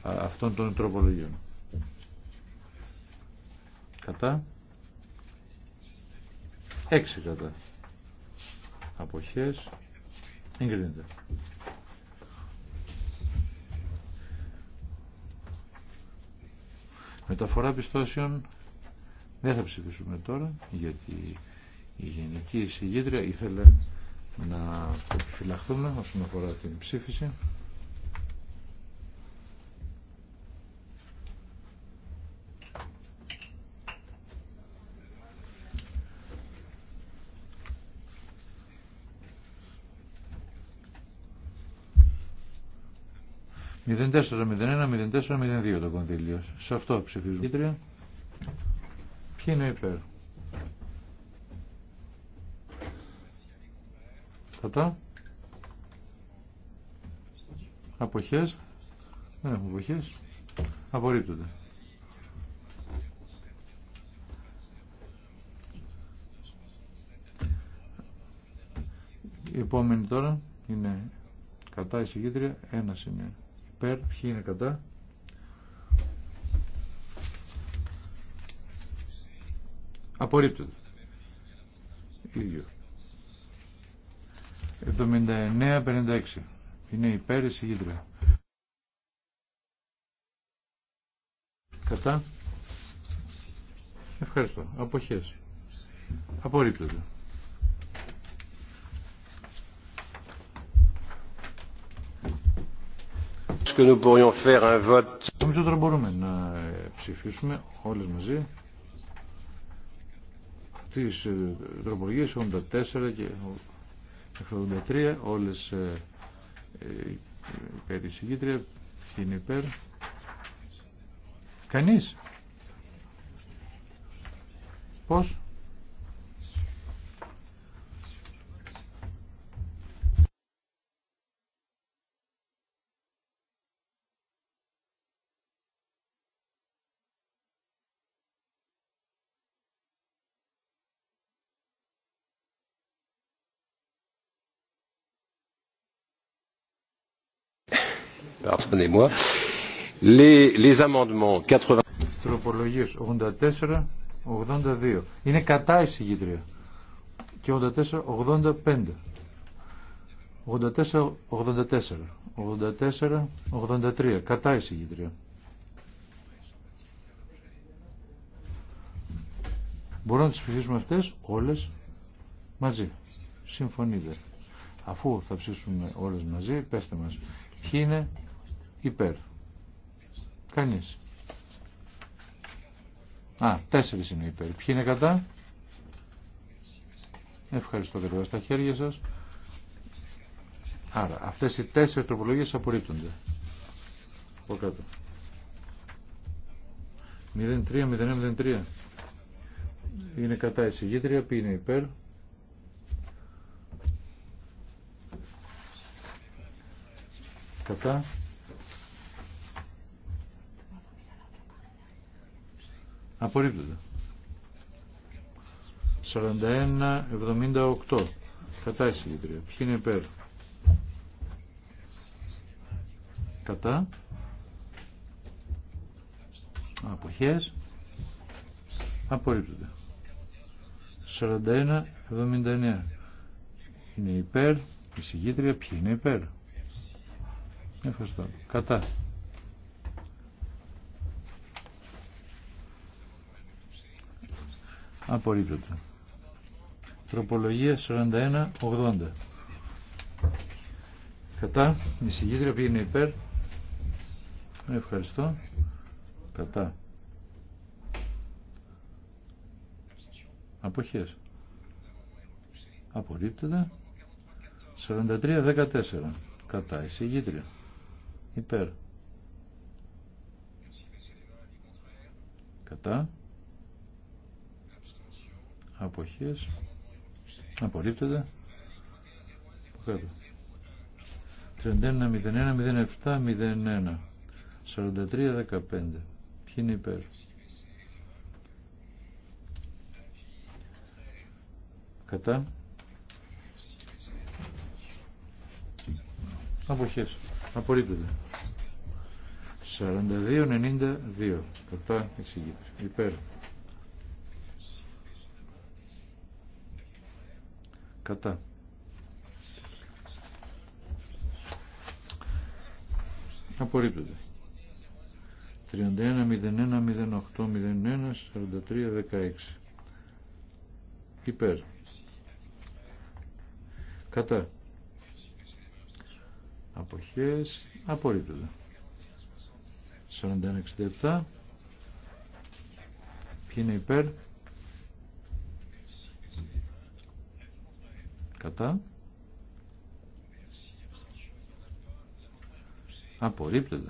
αυτών των τροπολογιών. Κατά. Έξι κατά. Αποχές. Εγκρίνεται. Μεταφορά πιστώσεων δεν θα ψηφίσουμε τώρα γιατί η Γενική Εισηγήτρια ήθελε να επιφυλαχθούμε όσον αφορά την ψήφιση. 0401, 0402 το κονδύλιο. Σε αυτό ψηφίζουμε. Ποιοι είναι υπέρ. Κατά. Αποχές. Δεν έχουμε αποχές. Απορρίπτονται. Η επόμενη τώρα είναι κατά εισηγήτρια, ένα σημείο υπέρ, ποιοι είναι κατά. Απορρίπτεται. Ίδιο. 79-56. Είναι υπέρ η συγκίτρια. Κατά. Ευχαριστώ. Αποχές. Απορρίπτεται. que nous pourrions faire un vote. Νομίζω τώρα μπορούμε να ψηφίσουμε όλε μαζί τις ε, τροπολογίες 84 και 83 όλες ε, ε, υπέρ εισηγήτρια ποιοι είναι υπέρ κανείς πώς pardonnez-moi. Les amendements 84 84-82. Είναι κατά εισηγήτρια. Και 84-85. 84-84. 84-83. Κατά εισηγήτρια. Μπορούμε να τις ψηφίσουμε αυτές όλες μαζί. Συμφωνείτε. Αφού θα ψήσουμε όλες μαζί, πέστε μας ποιοι είναι υπέρ. Κανείς. Α, τέσσερις είναι υπέρ. Ποιοι είναι κατά. Ευχαριστώ τελικά στα χέρια σας. Άρα, αυτές οι τέσσερις τροπολογίες απορρίπτονται. Από κάτω. 03-01-03. Είναι κατά εισηγήτρια, ποιοι είναι υπέρ. Κατά. Απορρίπτεται. 41-78. Κατά η συγκίτρια. Ποιοι είναι υπέρ. Κατά. Απορρίπτωται. Απορρίπτονται. 41-79. Είναι υπέρ. Η συγκίτρια. Ποιοι είναι υπέρ. Ευχαριστώ. Κατά. Απορρίπτεται. Τροπολογία 41-80. Κατά. Η που πηγαινε πήγαινε υπέρ. Ευχαριστώ. Κατά. Αποχές. Απορρίπτεται. 43-14. Κατά. Η Υπέρ. Κατά αποχές απορρίπτεται 31-01-07-01 43-15 ποιοι είναι υπέρ κατά αποχές απορρίπτεται 42-92 κατά εξηγείται υπέρ Κατά. Απορρίπτεται. 31-01-08-01-43-16 Υπέρ Κατά Αποχές Απορρίπτεται 41-67 Ποιοι είναι υπέρ κατά απορρίπτεται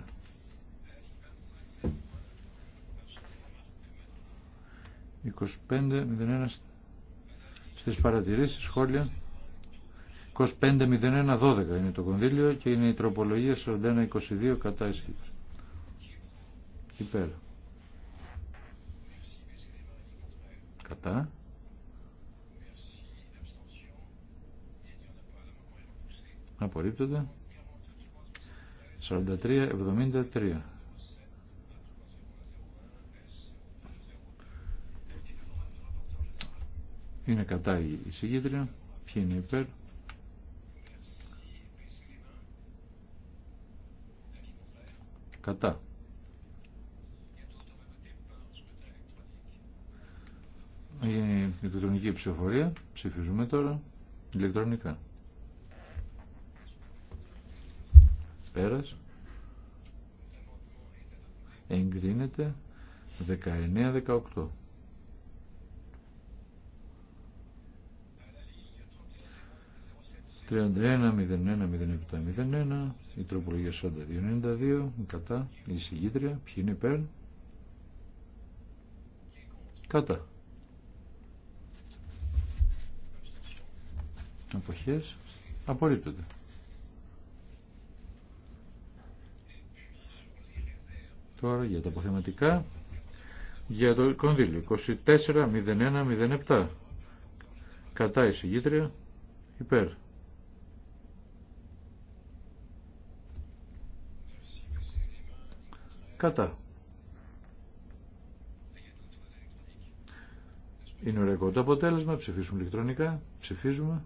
στις παρατηρήσεις σχόλια 25.01.12 είναι το κονδύλιο και είναι η τροπολογία 41.22 κατά ισχύς υπέρ κατά απορρίπτονται 43-73 είναι κατά η συγκίτρια ποιοι είναι υπέρ κατά η ηλεκτρονική ψηφοφορία ψηφίζουμε τώρα ηλεκτρονικά πέρας εγκρίνεται 19-18 31-01-07-01 η τροπολογία 42-92 κατά η συγκίτρια ποιοι είναι κατά αποχές Τώρα για τα αποθεματικά. Για το κονδύλιο 24-01-07. Κατά εισηγήτρια. Υπέρ. Κατά. Είναι ωραίο το αποτέλεσμα. Ψηφίσουμε ηλεκτρονικά. Ψηφίζουμε.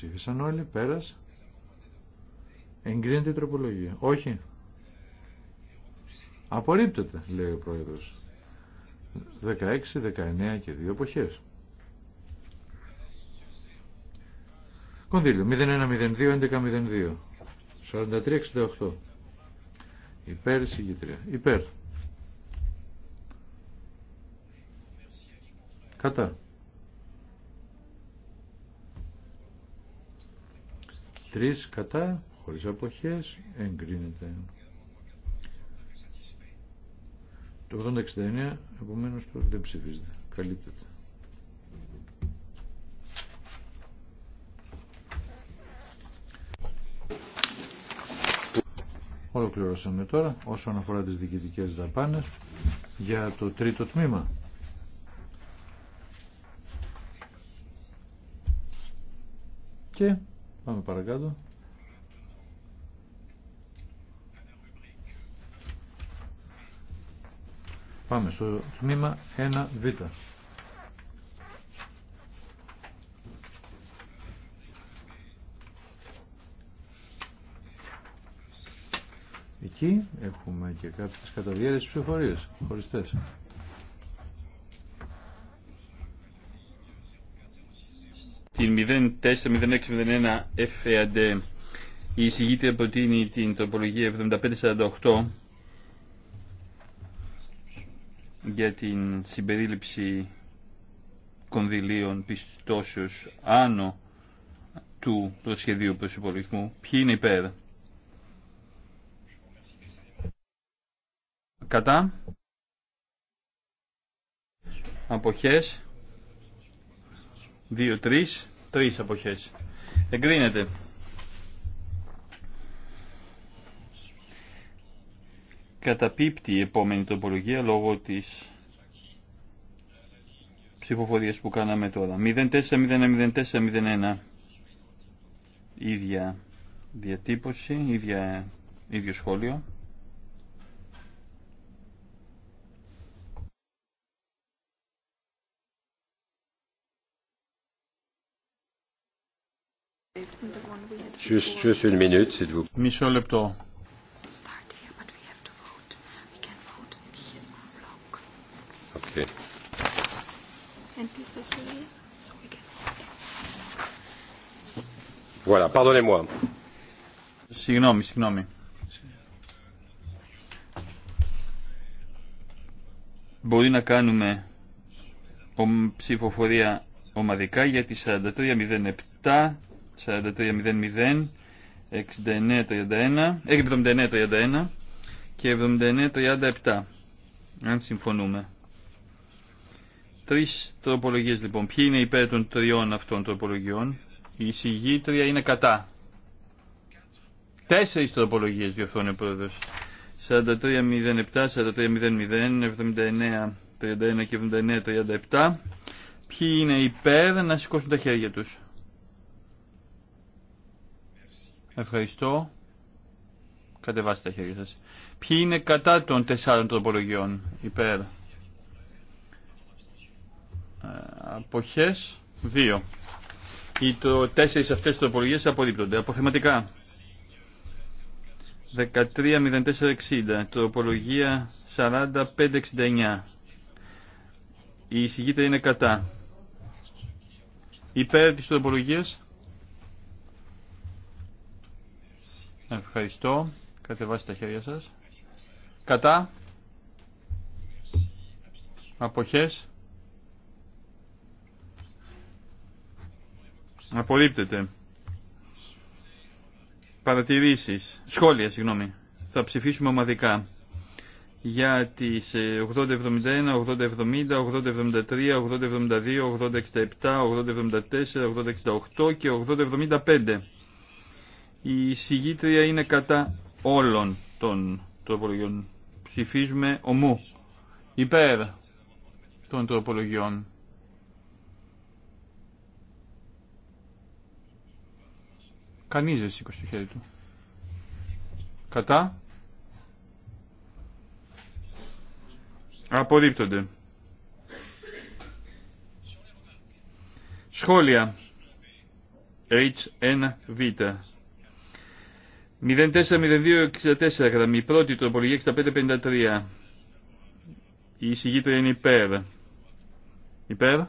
Ψήφισαν όλοι, πέρασε. Εγκρίνεται η τροπολογία. Όχι. Απορρίπτεται, λέει ο Πρόεδρος. 16, 19 και 2 εποχές. Κονδύλιο 0102 1102 4368 Υπέρ συγκεκριά Υπέρ Κατά Τρεις κατά, χωρίς αποχές, εγκρίνεται. Το 869, επομένως, το δεν ψηφίζεται. Καλύπτεται. Ολοκληρώσαμε τώρα όσον αφορά τις διοικητικές δαπάνες για το τρίτο τμήμα. Και Πάμε παρακάτω. Πάμε στο τμήμα 1β. Εκεί έχουμε και κάποιες καταδιέρεσεις ψηφορίες χωριστές. την 040601 fad η εισηγήτρια προτείνει την τροπολογία 7548 για την συμπερίληψη κονδυλίων πιστώσεως άνω του προσχεδίου προσυπολογισμού. Ποιοι είναι υπέρ. Κατά. Αποχές. 2, 3, 3 αποχές. Εγκρίνεται. Καταπίπτει η επόμενη τοπολογία λόγω της ψηφοφόρια που κάναμε τώρα. 04-04-01. Ίδια διατύπωση, ίδια, ίδιο σχόλιο. une minute, vous. Μισό λεπτό. Voilà, pardonnez-moi. Συγγνώμη, συγγνώμη. Μπορεί να κάνουμε ψηφοφορία ομαδικά για τις 4307 79-31 ε, και 79-37 αν συμφωνούμε τρεις τροπολογίες λοιπόν ποιοι είναι υπέρ των τριών αυτών τροπολογιών η συγγήτρια είναι κατά τέσσερις τροπολογίες διορθώνει ο πρόεδρος 43-07 43-0-0, 79 79-31 και 79-37 ποιοι είναι υπέρ να σηκώσουν τα χέρια τους Ευχαριστώ. Κατεβάστε τα χέρια σας. Ποιοι είναι κατά των τεσσάρων τροπολογιών υπέρ. Ε, αποχές Δύο. Οι το, τέσσερις αυτές τροπολογίες απορρίπτονται. Αποθεματικά. 13.04.60. Τροπολογία 45.69. Η εισηγήτρια είναι κατά. Υπέρ της τροπολογίας Ευχαριστώ. Κατεβάστε τα χέρια σας. Κατά. Αποχές. Απορρίπτεται. Παρατηρήσεις. Σχόλια, συγγνώμη. Θα ψηφίσουμε ομαδικά για τις 8071, 8070, 8073, 8072, 8067, 8074, 8068 και 8075. Η συγγήτρια είναι κατά όλων των τροπολογιών. Ψηφίζουμε ομού. Υπέρ των τροπολογιών. Κανείς δεν σήκωσε χέρι του. Κατά. Απορρίπτονται. Σχόλια. H1β. 0402 γραμμή. Πρώτη τροπολογία 65-53. Η εισηγήτρια είναι υπέρ. Υπέρ.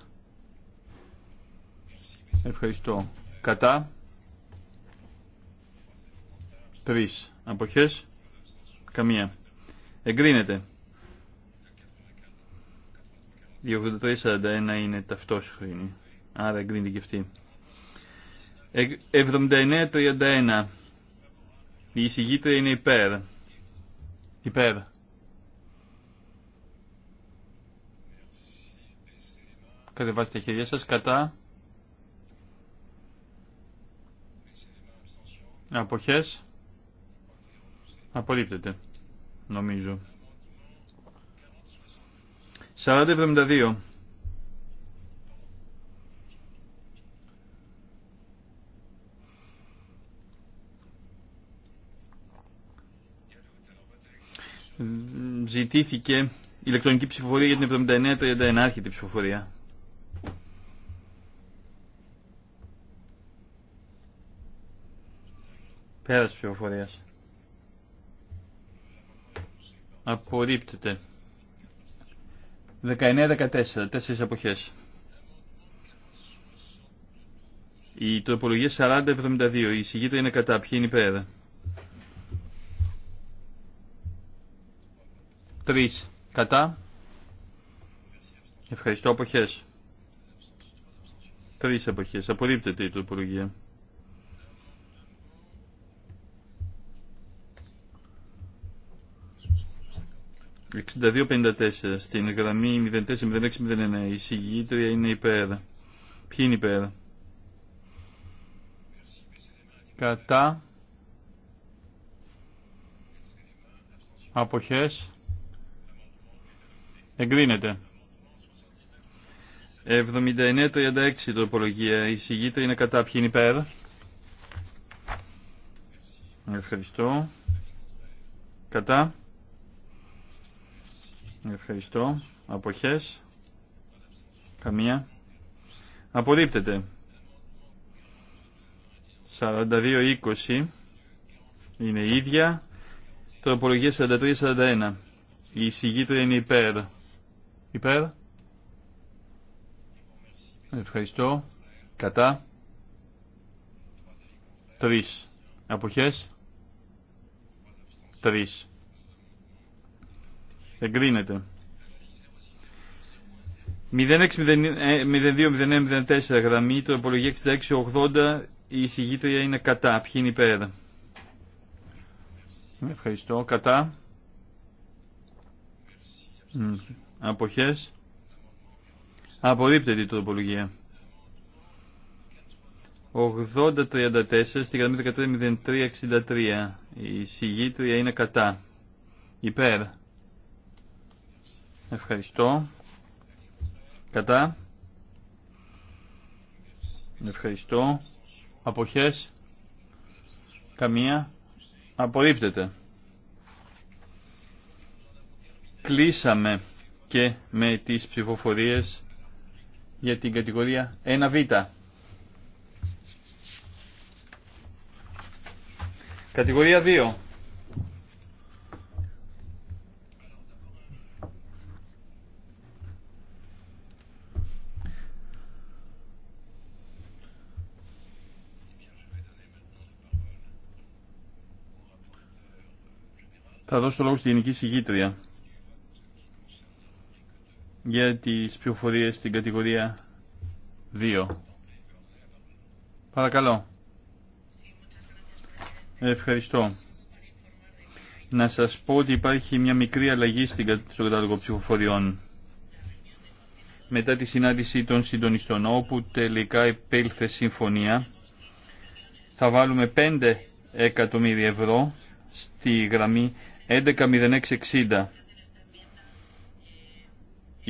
Ευχαριστώ. Κατά. Τρεις. Αποχές. Καμία. Εγκρίνεται. Εγκρίνεται. 83-41 είναι ταυτόσχρονη. Άρα εγκρίνεται και αυτή. 79-31 ε, η εισηγήτρια είναι υπέρ. Υπέρ. Κατεβάστε τα χέρια σας κατά. Αποχές. Απορρίπτεται. Νομίζω. 40-72. ζητήθηκε ηλεκτρονική ψηφοφορία για την 79-31 ψηφοφορία. Πέρας ψηφοφορίας. Απορρίπτεται. 19-14, τέσσερις εποχές. Η τροπολογία 40-72, η εισηγήτρια είναι κατά, ποιοι είναι υπέρ. 3 κατά. Ευχαριστώ. Αποχές. Τρεις εποχές. Απορρίπτεται η τροπολογία. ...62-54 στην γραμμή 06 Η συγγυητρία είναι υπέρ. Ποιοι είναι υπέρ. Κατά. Αποχές. Εγκρίνεται. 79-36 τροπολογία. Η συγκιτρια είναι κατά. Ποιοι είναι υπέρ. Ευχαριστώ. Κατά. Ευχαριστώ. Αποχές. Καμία. Απορρίπτεται. 42-20 είναι ίδια. Τροπολογία 43-41. Η εισηγήτρια είναι υπέρ. Υπέρ. Ευχαριστώ. Κατά. Τρεις. Αποχές. Τρεις. Εγκρίνεται. 02 01 ε, γραμμή, το υπολογία 66-80, η εισηγήτρια είναι κατά. Ποιοι είναι υπέρ. Ευχαριστώ. Κατά αποχές απορρίπτεται η τροπολογία 8034 στη γραμμή 130363 η συγγήτρια είναι κατά υπέρ ευχαριστώ κατά ευχαριστώ αποχές καμία απορρίπτεται κλείσαμε και με τις ψηφοφορίες για την κατηγορία 1β. Κατηγορία 2. Θα δώσω το λόγο στη Γενική Συγγήτρια για τις πληροφορίες στην κατηγορία 2. Παρακαλώ. Ευχαριστώ. Να σας πω ότι υπάρχει μια μικρή αλλαγή στον κατάλογο ψηφοφοριών. Μετά τη συνάντηση των συντονιστών, όπου τελικά επέλθε συμφωνία, θα βάλουμε 5 εκατομμύρια ευρώ στη γραμμή 110660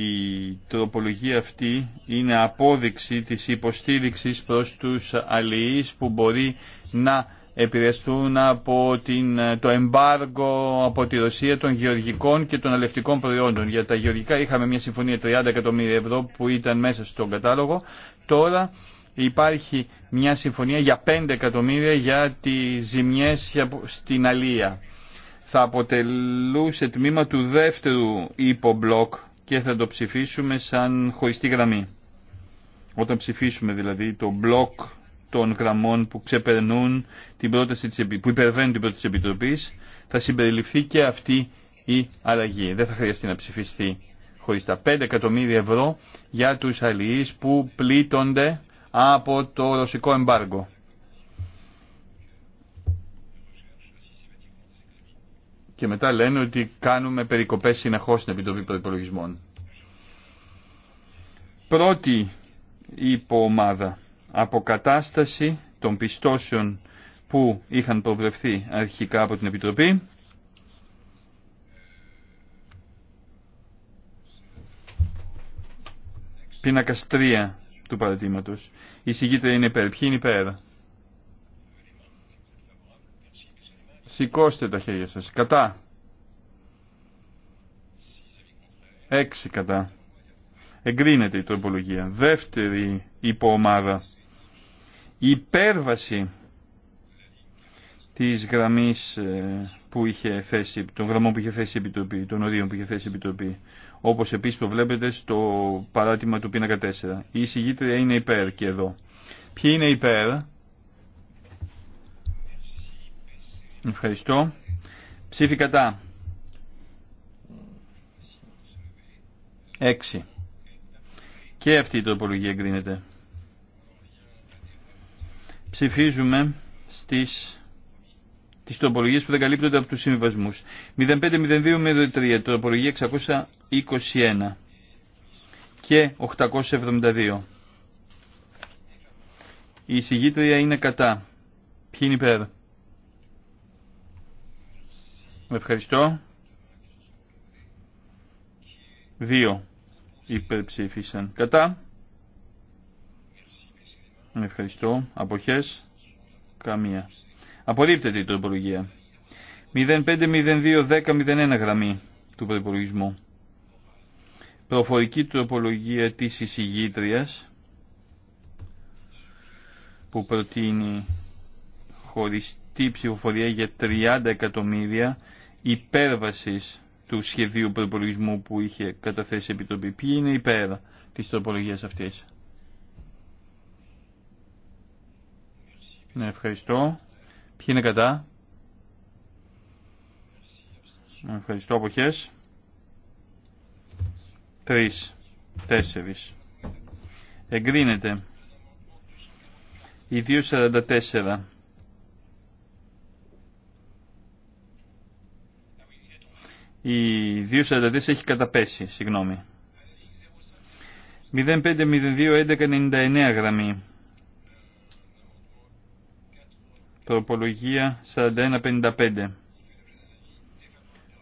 η τροπολογία αυτή είναι απόδειξη της υποστήριξης προς τους αλληλείς που μπορεί να επηρεαστούν από την, το εμπάργο από τη Ρωσία των γεωργικών και των αλευτικών προϊόντων. Για τα γεωργικά είχαμε μια συμφωνία 30 εκατομμύρια ευρώ που ήταν μέσα στον κατάλογο. Τώρα υπάρχει μια συμφωνία για 5 εκατομμύρια για τις ζημιές στην Αλία. Θα αποτελούσε τμήμα του δεύτερου υπομπλοκ και θα το ψηφίσουμε σαν χωριστή γραμμή. Όταν ψηφίσουμε δηλαδή το μπλοκ των γραμμών που ξεπερνούν την πρόταση της, που υπερβαίνουν την πρόταση της Επιτροπής, θα συμπεριληφθεί και αυτή η αλλαγή. Δεν θα χρειαστεί να ψηφιστεί χωριστά. 5 εκατομμύρια ευρώ για τους αλληλείς που πλήττονται από το ρωσικό εμπάργκο. και μετά λένε ότι κάνουμε περικοπές συνεχώς στην Επιτροπή Προϋπολογισμών. Πρώτη υποομάδα αποκατάσταση των πιστώσεων που είχαν προβλεφθεί αρχικά από την Επιτροπή πίνακας 3 του παρατήματος. Η συγκίτρια είναι υπέρ. Ποιοι είναι υπέρ. Σηκώστε τα χέρια σας. Κατά. Έξι κατά. Εγκρίνεται η τροπολογία. Δεύτερη υποομάδα. Η υπέρβαση της γραμμής ε, που είχε θέσει, των γραμμών που είχε θέσει η Επιτροπή, των ορίων που είχε θέσει η Επιτροπή, όπως επίσης το βλέπετε στο παράτημα του πίνακα 4. Η εισηγήτρια είναι υπέρ και εδώ. Ποιοι είναι υπέρ, Ευχαριστώ. Ψήφι κατά. 6. Και αυτή η τοπολογία εγκρίνεται. Ψηφίζουμε στις τις τοπολογίες που δεν καλύπτονται από τους συμβασμούς. 02 0502-03, τροπολογία 621 και 872. Η εισηγήτρια είναι κατά. Ποιοι είναι υπέρ. Ευχαριστώ. Δύο υπερψήφισαν. Κατά. Ευχαριστώ. Αποχές. Καμία. Απορρίπτεται η τροπολογια 05-02-10-01 01 γραμμή του προπολογισμού. Προφορική τροπολογία της εισηγήτριας που προτείνει χωριστή ψηφοφορία για 30 εκατομμύρια υπέρβασης του σχεδίου προπολογισμού που είχε καταθέσει η Επιτροπή. Ποιοι είναι υπέρ της τροπολογίας αυτής. Ναι, ευχαριστώ. Ποιοι είναι κατά. Ευχαριστώ. αποχέ. Τρεις. Τέσσερις. Εγκρίνεται. Η 244 Η 2.42 έχει καταπέσει, συγγνώμη. 05.02.11.99 γραμμή. Τροπολογία 41.55.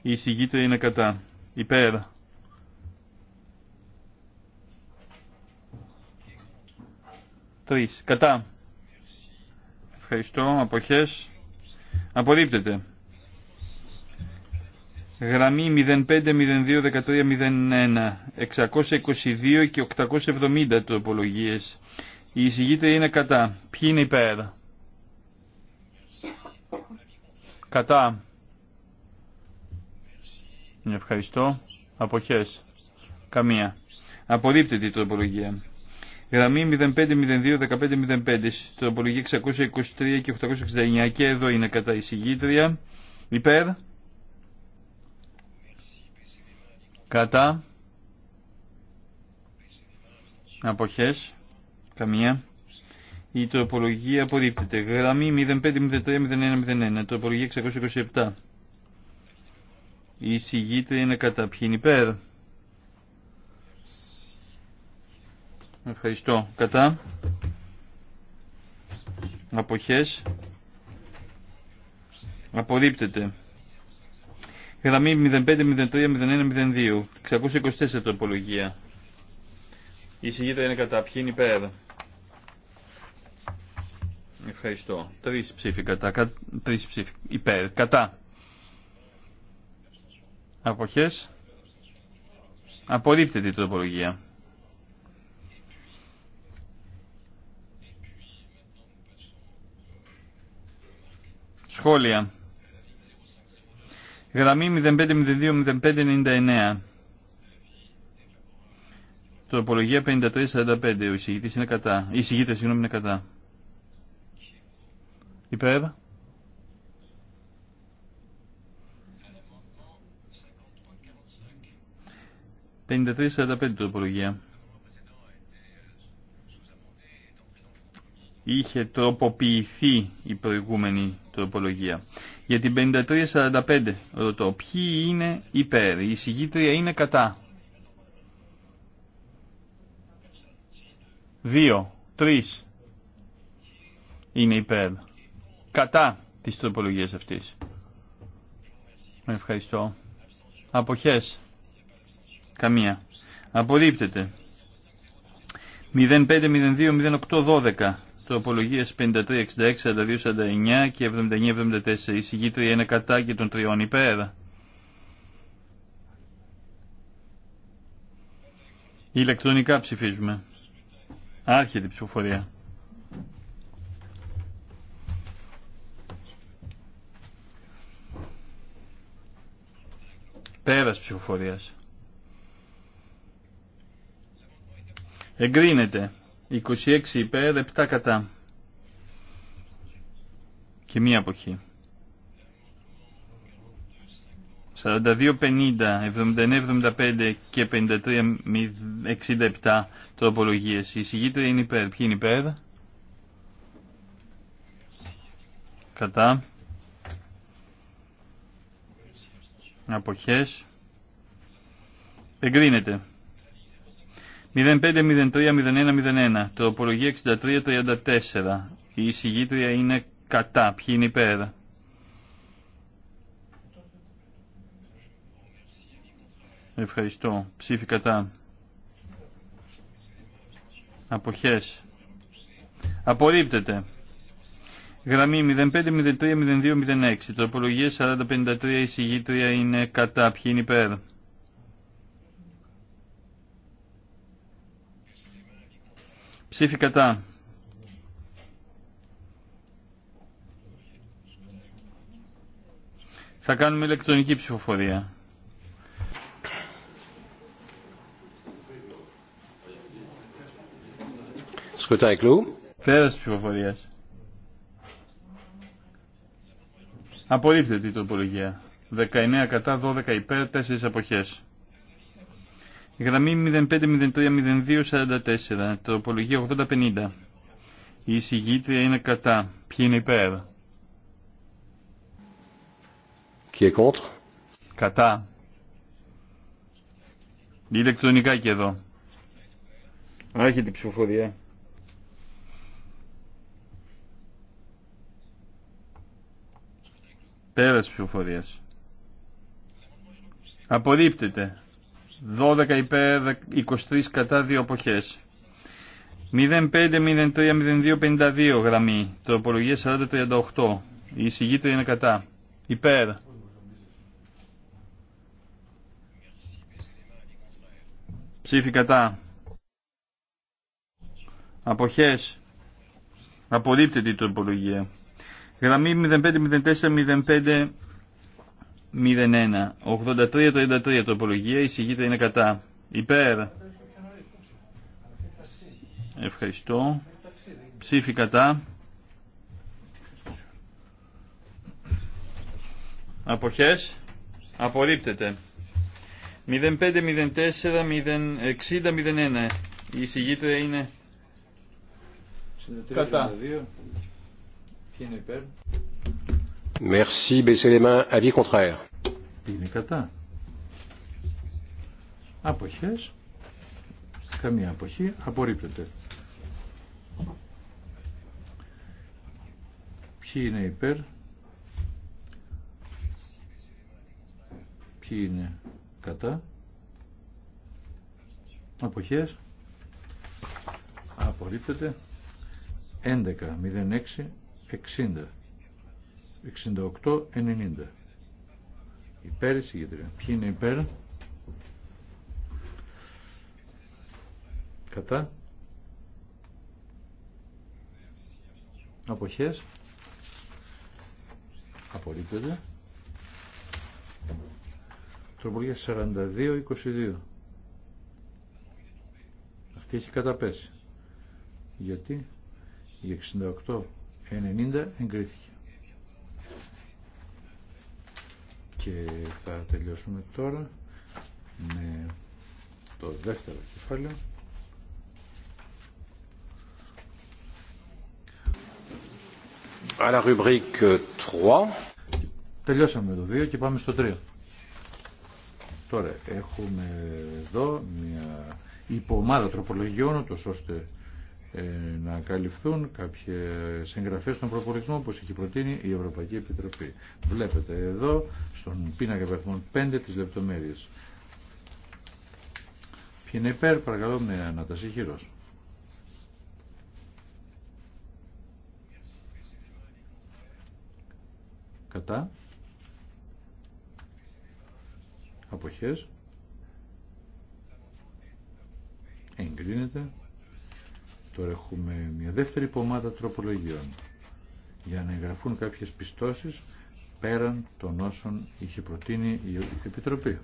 Η εισηγήτρια είναι κατά. Υπέρ. Τρεις. Κατά. Ευχαριστώ. Αποχές. Απορρίπτεται. Γραμμή 0502-1301, 622 και 870 τροπολογίες. Η εισηγήτρια είναι κατά. Ποιοι είναι υπέρ. Κατά. Ευχαριστώ. Αποχές. Καμία. Απορρίπτεται η τροπολογία. Γραμμή 0502-1505, τροπολογία 623 και 869 και εδώ είναι κατά εισηγήτρια. Υπέρ. Κατά. Αποχές. Καμία. Η τροπολογία απορρίπτεται. Γραμμή 0503-0101. Τροπολογία 627. Η συγγήτρια είναι κατά. Ποιοι είναι υπέρ. Ευχαριστώ. Κατά. Αποχές. Απορρίπτεται. Γραμμή 05-03-01-02. 624 τροπολογία. Η εισηγήτρια είναι κατά. Ποιοι είναι υπέρ. Ευχαριστώ. Τρει ψήφοι κατά. Τρει ψήφοι υπέρ. Κατά. Αποχέ. Απορρίπτεται η τροπολογία. Σχόλια γραμμη 05-02, 05-99. Τροπολογία 53-45. Ο εισηγητής είναι κατά. Η εισηγήτρια, συγγνώμη, είναι κατά. Υπέρ. «53-45 τροπολογία. είχε τροποποιηθεί η προηγούμενη τροπολογία. Για την 5345 ρωτώ, ποιοι είναι υπέρ, η συγγήτρια είναι κατά. Δύο, τρεις είναι υπέρ, κατά της τροπολογίας αυτής. Ευχαριστώ. Αποχές. Καμία. 08 12 τοπολογίες 53, 66, 42, 49 και 79, 74. Η συγγήτρια είναι κατά και των τριών υπέρ. Ηλεκτρονικά ψηφίζουμε. Άρχεται η ψηφοφορία. Πέρας ψηφοφορίας. Εγκρίνεται. 26 υπέρ, 7 κατά. Και μία αποχή. 42, 50, 79, 75 και 53, 67 τροπολογίες. Η συγκίτρια είναι υπέρ. Ποιοι είναι υπέρ. Κατά. Αποχές. Εγκρίνεται. 05-03-01-01. Τροπολογία 63-34. Η εισηγήτρια είναι κατά. Ποιοι είναι υπέρ. Ευχαριστώ. Ψήφι κατά. Αποχές. Απορρίπτεται. Γραμμή 05-03-02-06. Τροπολογία 40-53. Η εισηγήτρια είναι κατά. Ποιοι είναι υπέρ. Ψήφι κατά. Θα κάνουμε ηλεκτρονική ψηφοφορία. Σκοτάει κλού. Πέρας ψηφοφορίας. Απορρίπτεται η τροπολογία. 19 κατά, 12 υπέρ, 4 εποχές. Γραμμή 05030244, τροπολογία 8050. Η εισηγήτρια είναι κατά. Ποιοι είναι υπέρ. Qui est Κατά. Ηλεκτρονικά και εδώ. Άρχεται η ψηφοφορία. Πέρας ψηφοφορίας. Απορρίπτεται. 12 υπέρ 23 κατά 2 αποχές. 05-03-02-52 γραμμή. Τροπολογία 40-38. Η εισηγήτρια είναι κατά. Υπέρ. Ψήφι κατά. Αποχές. Απορρίπτεται η τροπολογία. Γραμμή 05-04-05 01. 83-33 Ησίτα Η συγγύτα είναι κατά. Υπέρ. Ευχαριστώ. Ψήφι κατά. Αποχές. Απορρίπτεται. 05-04-60-01. Η είναι κατά. Ποιοι είναι υπέρ. Merci, baissez les mains, avis contraire. Είναι κατά. Αποχές. Καμία αποχή. Απορρίπτεται. Ποιοι είναι υπέρ. Ποιοι είναι κατά. Αποχές. Απορρίπτεται. 11.06.60. 68-90. Υπέρ εισηγητρία. Ποιοι είναι υπέρ. Κατά. Αποχές. Απορρίπτεται. Τροπολογία 42-22. Αυτή έχει καταπέσει. Γιατί η 68-90 εγκρίθηκε. και θα τελειώσουμε τώρα με το δεύτερο κεφάλαιο. À la rubrique 3. Τελειώσαμε το 2 και πάμε στο 3. Τώρα έχουμε εδώ μια υπομάδα τροπολογιών, ώστε ε, να καλυφθούν κάποιες εγγραφές στον προπορισμό που έχει προτείνει η Ευρωπαϊκή Επιτροπή. Βλέπετε εδώ στον πίνακα βαθμών 5 τις λεπτομέρειες. Ποιοι είναι υπέρ, παρακαλώ με ανατασή Κατά. Αποχές. Εγκρίνεται. Τώρα έχουμε μια δεύτερη πομάδα τροπολογιών για να εγγραφούν κάποιες πιστώσεις πέραν των όσων είχε προτείνει η Επιτροπή.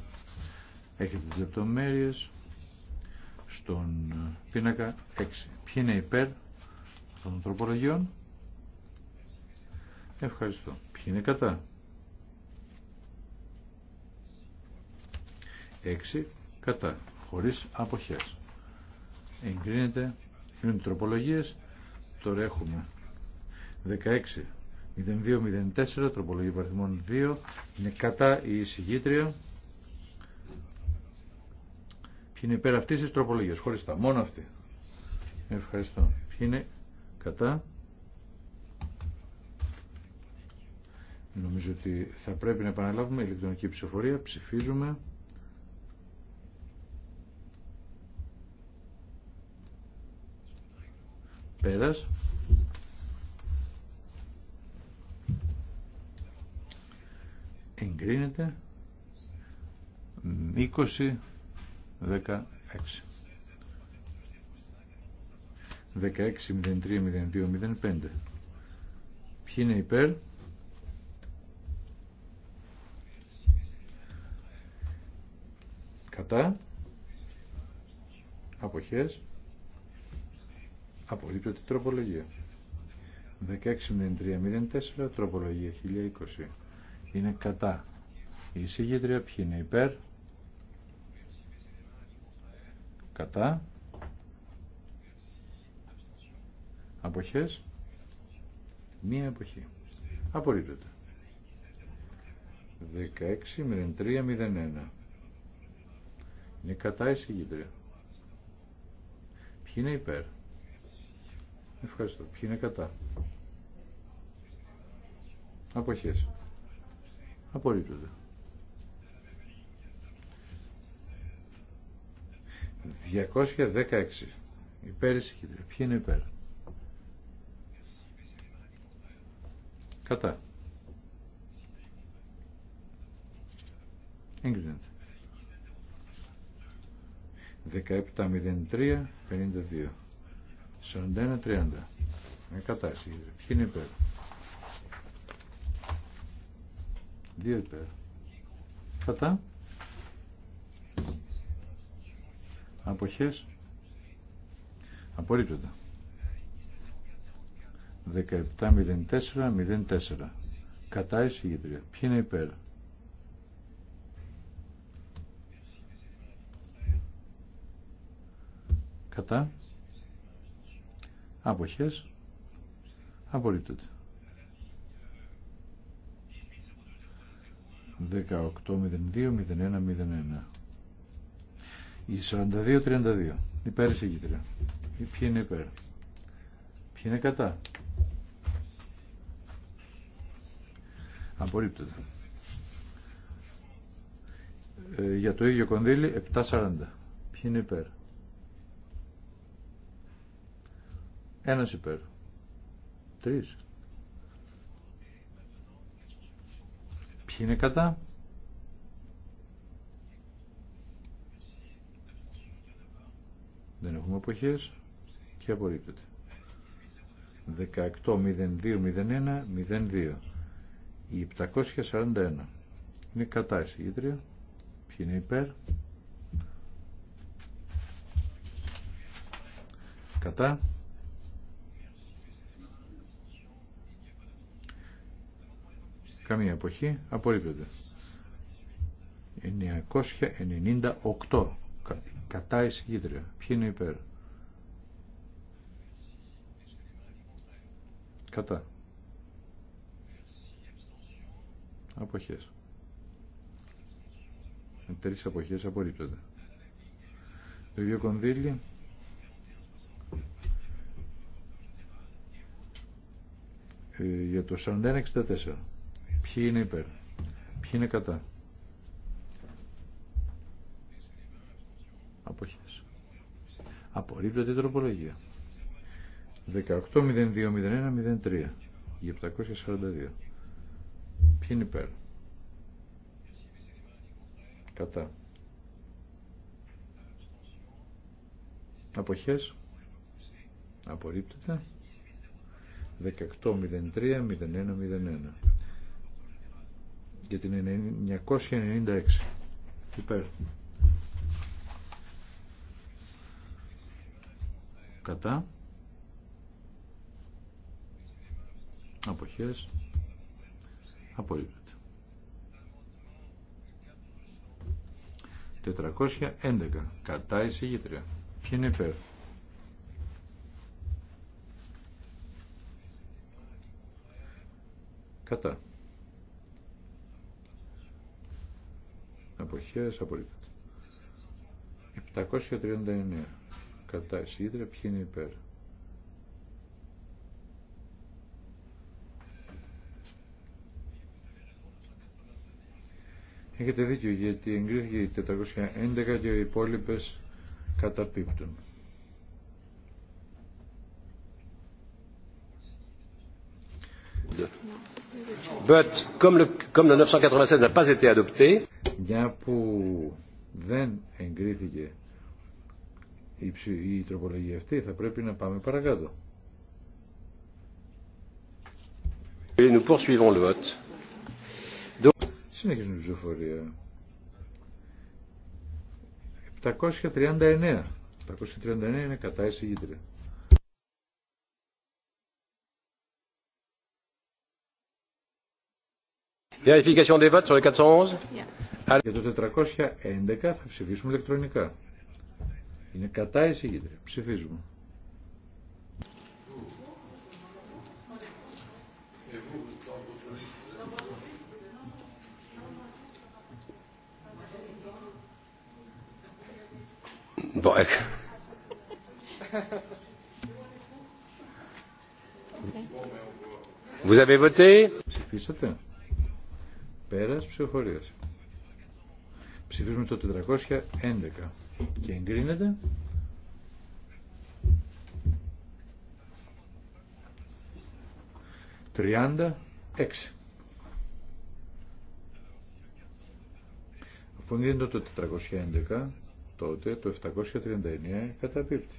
Έχετε τις λεπτομέρειε στον πίνακα 6. Ποιοι είναι υπέρ των τροπολογιών. Ευχαριστώ. Ποιοι είναι κατά. 6 κατά. Χωρίς αποχές. Εγκρίνεται είναι τροπολογίες. Τώρα έχουμε 16.02.04 τροπολογία βαριθμών 2. Είναι κατά η εισηγήτρια. Ποιοι είναι υπέρ αυτής της τροπολογίας. Χωριστά. Μόνο αυτή. Ευχαριστώ. Ποιοι είναι κατά. Νομίζω ότι θα πρέπει να επαναλάβουμε ηλεκτρονική ψηφοφορία. Ψηφίζουμε. Πέρας. Εγκρίνεται. 20, 16. 16.03.02.05 Ποιοι είναι υπέρ Κατά Αποχές την τροπολογία. 16.03.04 τροπολογία 1020. Είναι κατά. Η εισηγήτρια ποιοι είναι υπέρ. Κατά. Αποχές. Μία εποχή. 03, 16.03.01 Είναι κατά εισηγήτρια. Ποιοι είναι υπέρ. Ευχαριστώ. Ποιοι είναι κατά. Αποχές. Απορρίπτονται. 216. Υπέρ εισηγήτρια. Ποιοι είναι υπέρ. Κατά. Εγκρίνεται. 17.03.52. 41-30. Με κατάσταση. Ποιοι είναι υπέρ. Δύο υπέρ. Κατά. απορριπτωτα 17 Απορρίπτονται. 17-04-04. Κατά εισηγητρία. Ποιοι είναι υπέρ. Κατά. Αποχές. Απορρίπτεται. 18-02-01-01 Η 42-32 Υπέρ η Σεγγίτρια Ποιοι είναι υπέρ Ποιοι είναι κατά Απορρίπτεται ε, Για το ίδιο κονδύλι 7-40 Ποιοι είναι υπέρ 7-40 Ένας υπέρ. Τρεις. Ποιοι είναι κατά. Δεν έχουμε εποχές. Και απορρίπτεται. 18-02-01-02. Η 741. Είναι κατά η συγκήτρια. Ποιοι είναι υπέρ. Κατά. Καμία εποχή. Απορρίπτεται. 998. Κατά εισηγήτρια. Ποιοι είναι υπέρ. Κατά. Αποχές. Με τρεις αποχές απορρίπτονται. Το ίδιο κονδύλι. Ε, για το 4164. Ποιοι είναι υπέρ. Ποιοι είναι κατά. Αποχές. Απορρίπτεται η τροπολογία. 18.02.01.03 για 742. Ποιοι είναι υπέρ. Κατά. Αποχές. Απορρίπτεται. 18.03.01.01 για την 996 υπέρ κατά αποχές απορρίπτεται 411 κατά εισηγήτρια ποιοι είναι υπέρ κατά εποχές απορρίπτεται 739 κατά σίδρα ποιοι είναι υπέρ Έχετε δίκιο γιατί εγκρίθηκε η 411 και οι υπόλοιπε καταπίπτουν. But comme le, comme le 996 n'a pas été adopté, μια που δεν εγκρίθηκε η τροπολογία αυτή θα πρέπει να πάμε παρακάτω. Συνεχίζουμε την ψηφοφορία. 739. 739 είναι κατά εισηγήτρια. Vérification des votes sur le 411. Yeah. Για το 411 θα ψηφίσουμε ηλεκτρονικά. Είναι κατά εισηγήτρια. Ψηφίζουμε. Vous avez voté Ψηφίσατε. Πέρας ψηφοφορίας. Ψηφίζουμε το 411 και εγκρίνεται. Τριάντα έξι. Αφού γίνεται το 411, τότε το 739 καταπίπτει.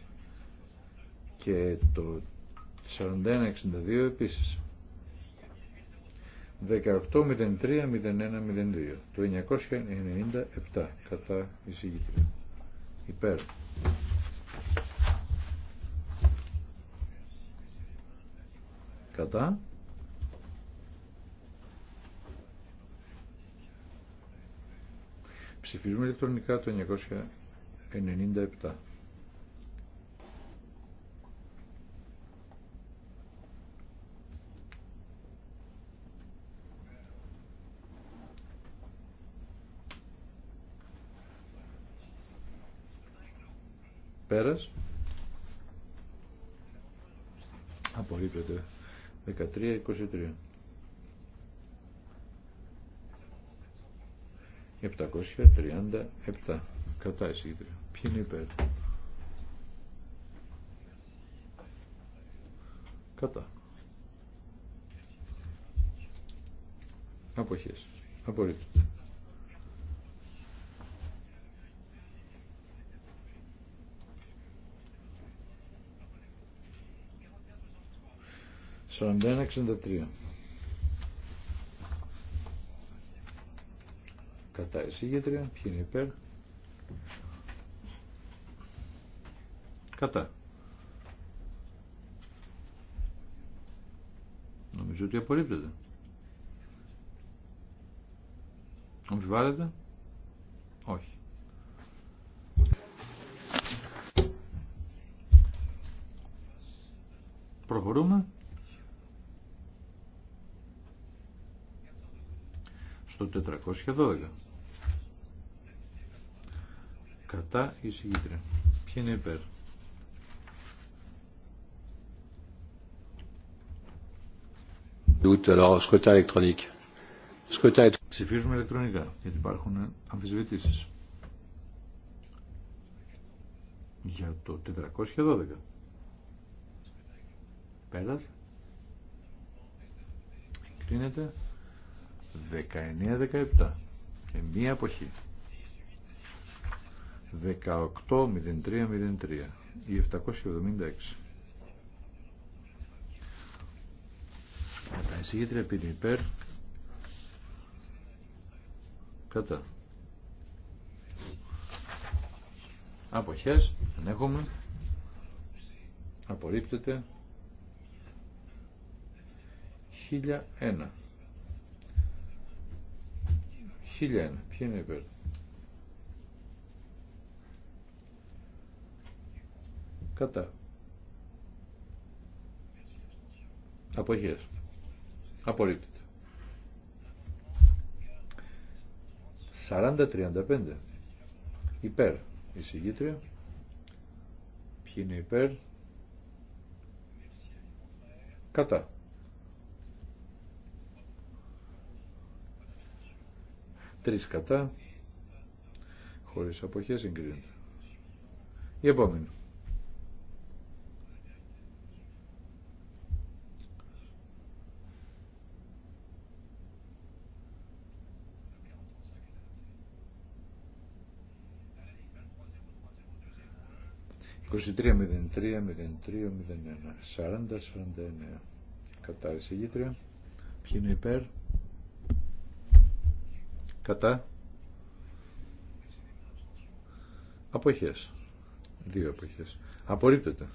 Και το 4162 επίσης. 18.03.01.02 το 997 κατά εισηγήτρια υπέρ κατά ψηφίζουμε ηλεκτρονικά το 997 πέρας απορρίπτεται 13-23 737 κατά εισηγητρία ποιοι είναι υπέρ κατά αποχές απορρίπτεται 41-63. Κατά εισηγήτρια. Ποιοι είναι υπέρ. Κατά. Νομίζω ότι απορρίπτεται. Αμφιβάλλεται. Όχι. Προχωρούμε. στο 412. Κατά η συγκήτρια. Ποιοι είναι υπέρ. Ψηφίζουμε ηλεκτρονικά, γιατί υπάρχουν αμφισβητήσεις. Για το 412. Πέρασε. Κρίνεται. 19-17 και μια εποχη αποχή 18-03-03 ή 776 Εισηγήτρια πίνει υπέρ κατά αποχές ανέχομαι απορρίπτεται 1001 Χίλιαν, Ποιο είναι υπέρ. Κατά. Αποχές. Απορρίπτεται. 40-35. Υπέρ. Η Ποιοι είναι υπέρ. Κατά. τρεις κατά, χωρίς αποχές εγκρίνεται. Η επόμενη. Κατάρρηση γήτρια. Ποιοι είναι υπέρ κατά αποχές δύο αποχές απορρίπτεται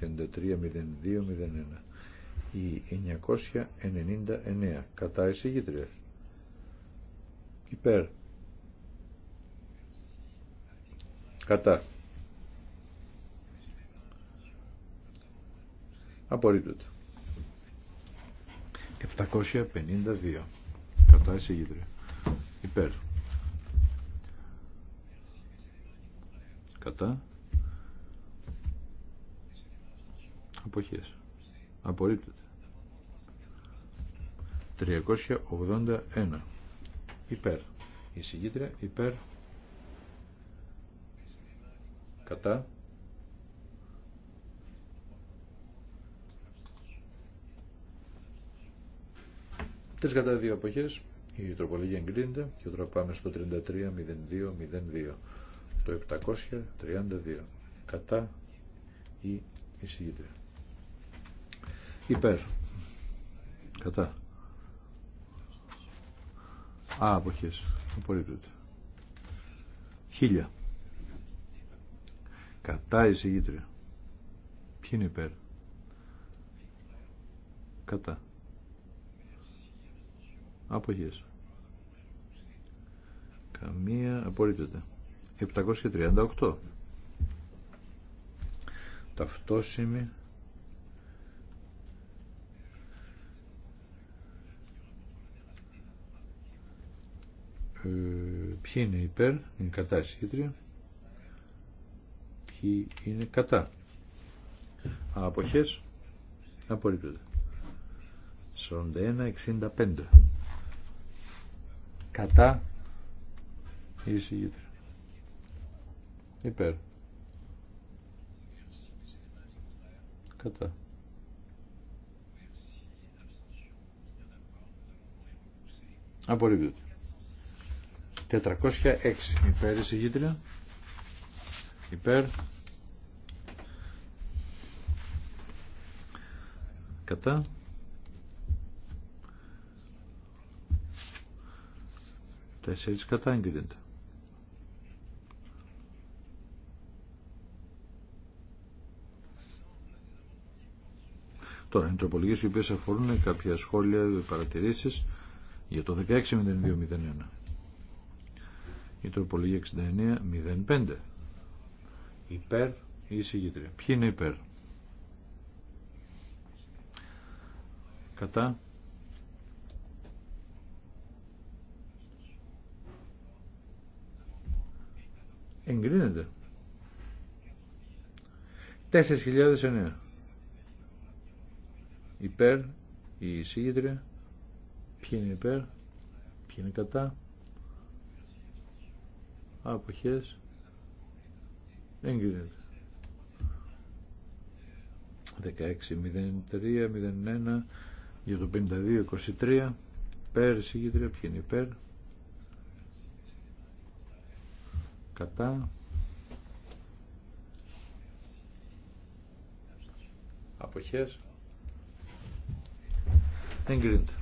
33.02.01 η 999 κατά εισηγήτρια υπέρ κατά απορρίπτεται 752. Κατά εισηγήτρια. Υπέρ. Κατά. Αποχές. Απορρίπτεται. 381. Υπέρ. Η εισηγήτρια υπέρ. Κατά. 3 κατά δύο εποχές. Η τροπολογία εγκρίνεται και τώρα πάμε στο 330202. Το 732. Κατά η εισηγήτρια. Υπέρ. Κατά. Α, αποχές. Απορρίπτεται. Χίλια. Κατά εισηγήτρια. Ποιοι είναι υπέρ. Κατά αποχές καμία απορρίπτεται 738 ταυτόσημη ε, ποιοι είναι υπέρ είναι κατά ποιοι είναι κατά αποχές απορρίπτεται 41-65 Κατά. Η εισηγήτρια. Υπέρ. Κατά. Απορρίπτεται. 406 υπέρ εισηγήτρια. Υπέρ. Κατά. Τέσσερις κατά Τώρα, οι οι οποίε αφορούν κάποια σχόλια ή παρατηρήσει για το 16.02.01. Η τροπολογία 69.05. Υπέρ ή εισηγήτρια. Ποιοι είναι υπέρ. Κατά Εγκρίνεται. 4.009. Υπέρ, η εισήγητρια. Ποιοι είναι υπέρ, ποιοι είναι κατά. Αποχές. Εγκρίνεται. 16.03.01 για το 52.23. Πέρ, εισήγητρια. Ποιοι είναι υπέρ, κατά αποχές κρίνεται.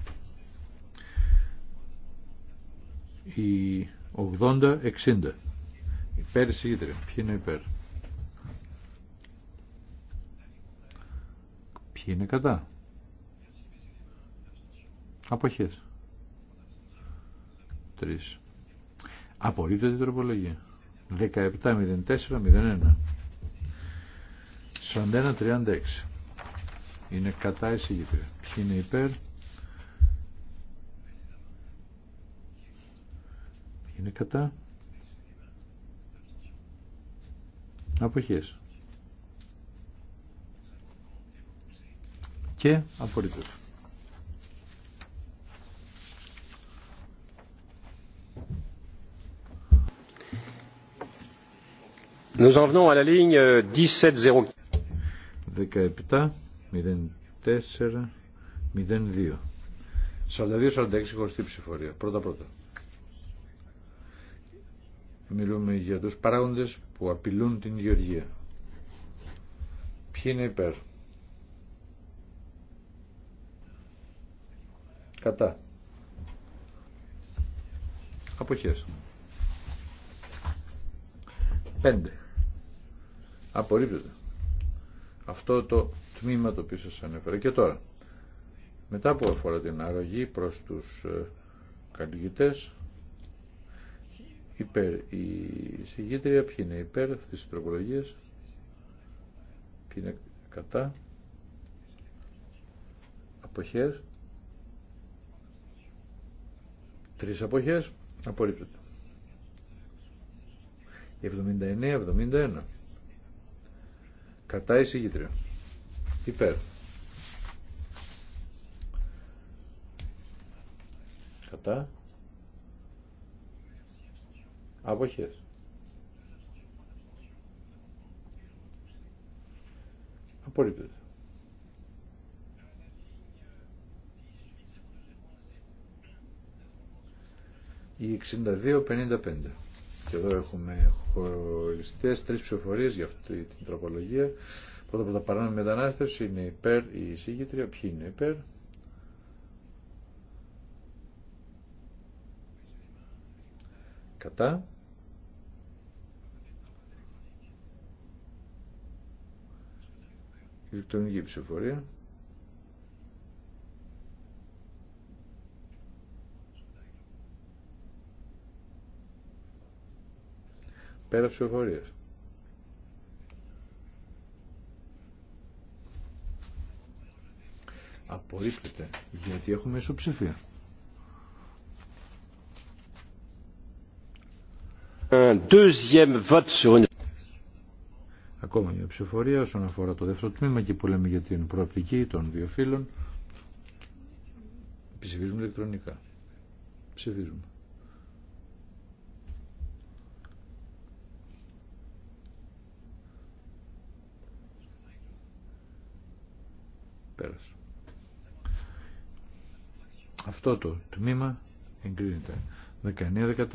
η 80-60 υπέρ συγκίτρια ποιοι είναι υπέρ ποιοι είναι κατά αποχές τρεις απορρίπτεται η τροπολογία 170401 4136 είναι κατά εισηγητρία ποιοι είναι υπέρ είναι κατά αποχές και απορρίπτωση Nous en venons à la ligne 1704. 17-04-02. 42-46 χωριστή ψηφορία. Πρώτα-πρώτα. Μιλούμε για τους παράγοντες που απειλούν την γεωργία. Ποιοι είναι υπέρ. Κατά. Αποχές. 5 απορρίπτεται. Αυτό το τμήμα το οποίο σας ανέφερα και τώρα. Μετά που αφορά την αρρωγή προς τους ε, καλλιγητές υπέρ η συγγήτρια, ποιοι είναι υπέρ αυτής της τροπολογίας, ποιοι είναι κατά, αποχές, τρεις αποχές, απορρίπτεται. 79-71. Κατά εισηγήτρια. Υπέρ. Κατά. Αποχές. Απορρίπτεται. Η 62-55. Και εδώ έχουμε χωριστέ τρεις ψηφοφορίες για αυτή την τροπολογία. Πρώτα από τα παράνομη μετανάστευση είναι υπέρ η εισηγήτρια. Ποιοι είναι υπέρ. Κατά. ηλεκτρονική ψηφοφορία. Πέρα ψηφοφορία. Απορρίπτεται γιατί έχουμε ισοψηφία. Ακόμα μια ψηφορία όσον αφορά το δεύτερο τμήμα και που λέμε για την προοπτική των δύο φύλων. Ψηφίζουμε ηλεκτρονικά. Ψηφίζουμε. Αυτό το τμήμα εγκρίνεται. 19-14.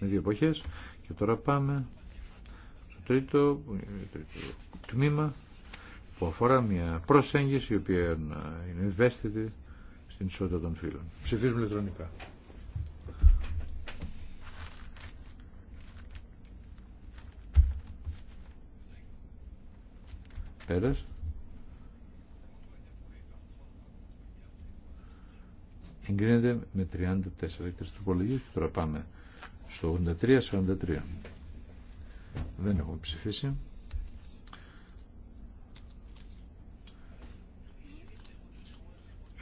Με δύο εποχές. Και τώρα πάμε στο τρίτο, τρίτο τμήμα που αφορά μια προσέγγιση η οποία είναι ευαίσθητη στην ισότητα των φύλων. Ψηφίζουμε ηλεκτρονικά. Πέρας. Εγκρίνεται με 34 εκτές τροπολογίες και τώρα πάμε στο 83-43. Δεν έχουμε ψηφίσει.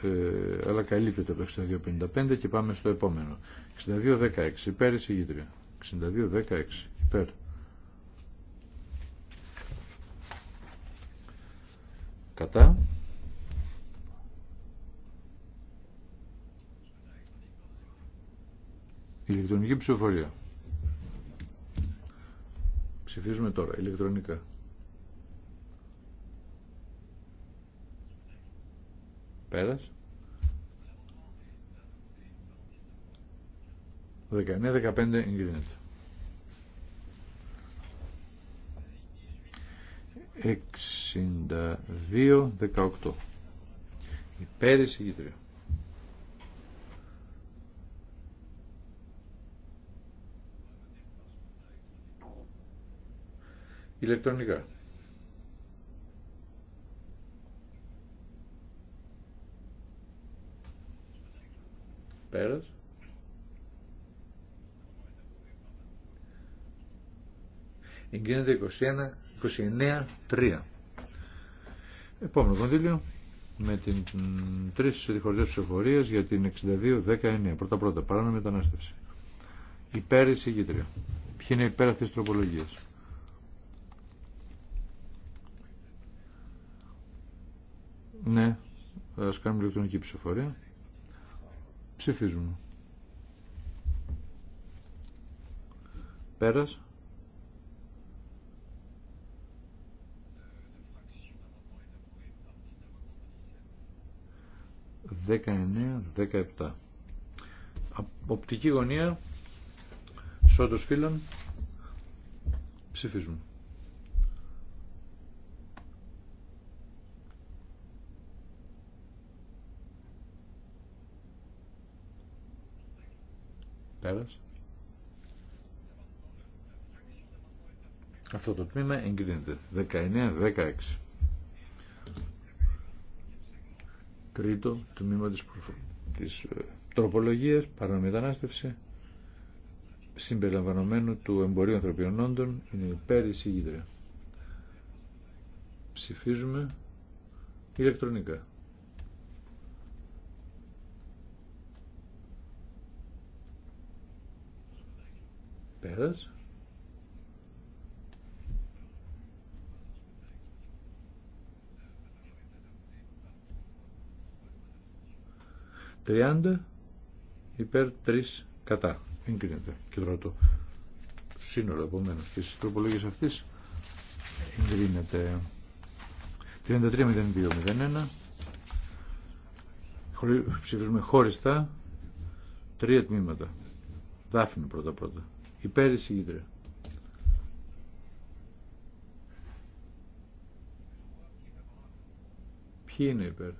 Ε, αλλά καλύπτεται το 62-55 και πάμε στο επόμενο. 62-16 υπέρ εισηγήτρια. 62-16 υπέρ. Κατά. Ηλεκτρονική ψηφοφορία. Ψηφίζουμε τώρα, ηλεκτρονικά. Πέρας. 19-15 εγκρίνεται. 62-18. Υπέρ εισηγητρία. ηλεκτρονικά. Πέρας. Εγκρίνεται 21, 29, 3. Επόμενο κονδύλιο με την τρεις διχορτές ψηφορίες για την 62-19. Πρώτα-πρώτα, παράνομη μετανάστευση. Υπέρ εισηγήτρια. Ποιοι είναι υπέρ αυτής της τροπολογίας. Ναι, θα κάνουμε ηλεκτρονική ψηφοφορία. Ψηφίζουμε. Πέρας. Δεκαεννέα, δεκαεπτά. Οπτική γωνία, σώτος φύλλων, ψηφίζουμε. Αυτό το τμήμα εγκρίνεται. 19-16. Τρίτο τμήμα της, της ε, τροπολογίας, παραμετανάστευση, συμπεριλαμβανομένου του εμπορίου ανθρωπιών όντων, είναι υπέρ εισηγήτρια. Ψηφίζουμε ηλεκτρονικά. 30 υπέρ 3 κατά. Εγκρίνεται. Και τώρα το σύνολο επομένω τη τροπολογία αυτή εγκρίνεται. 33.02.01. Ψηφίζουμε χωριστά τρία τμήματα. Δάφνη πρώτα-πρώτα. Υπέρ εισηγήτρια. Ποιοι είναι υπέρ.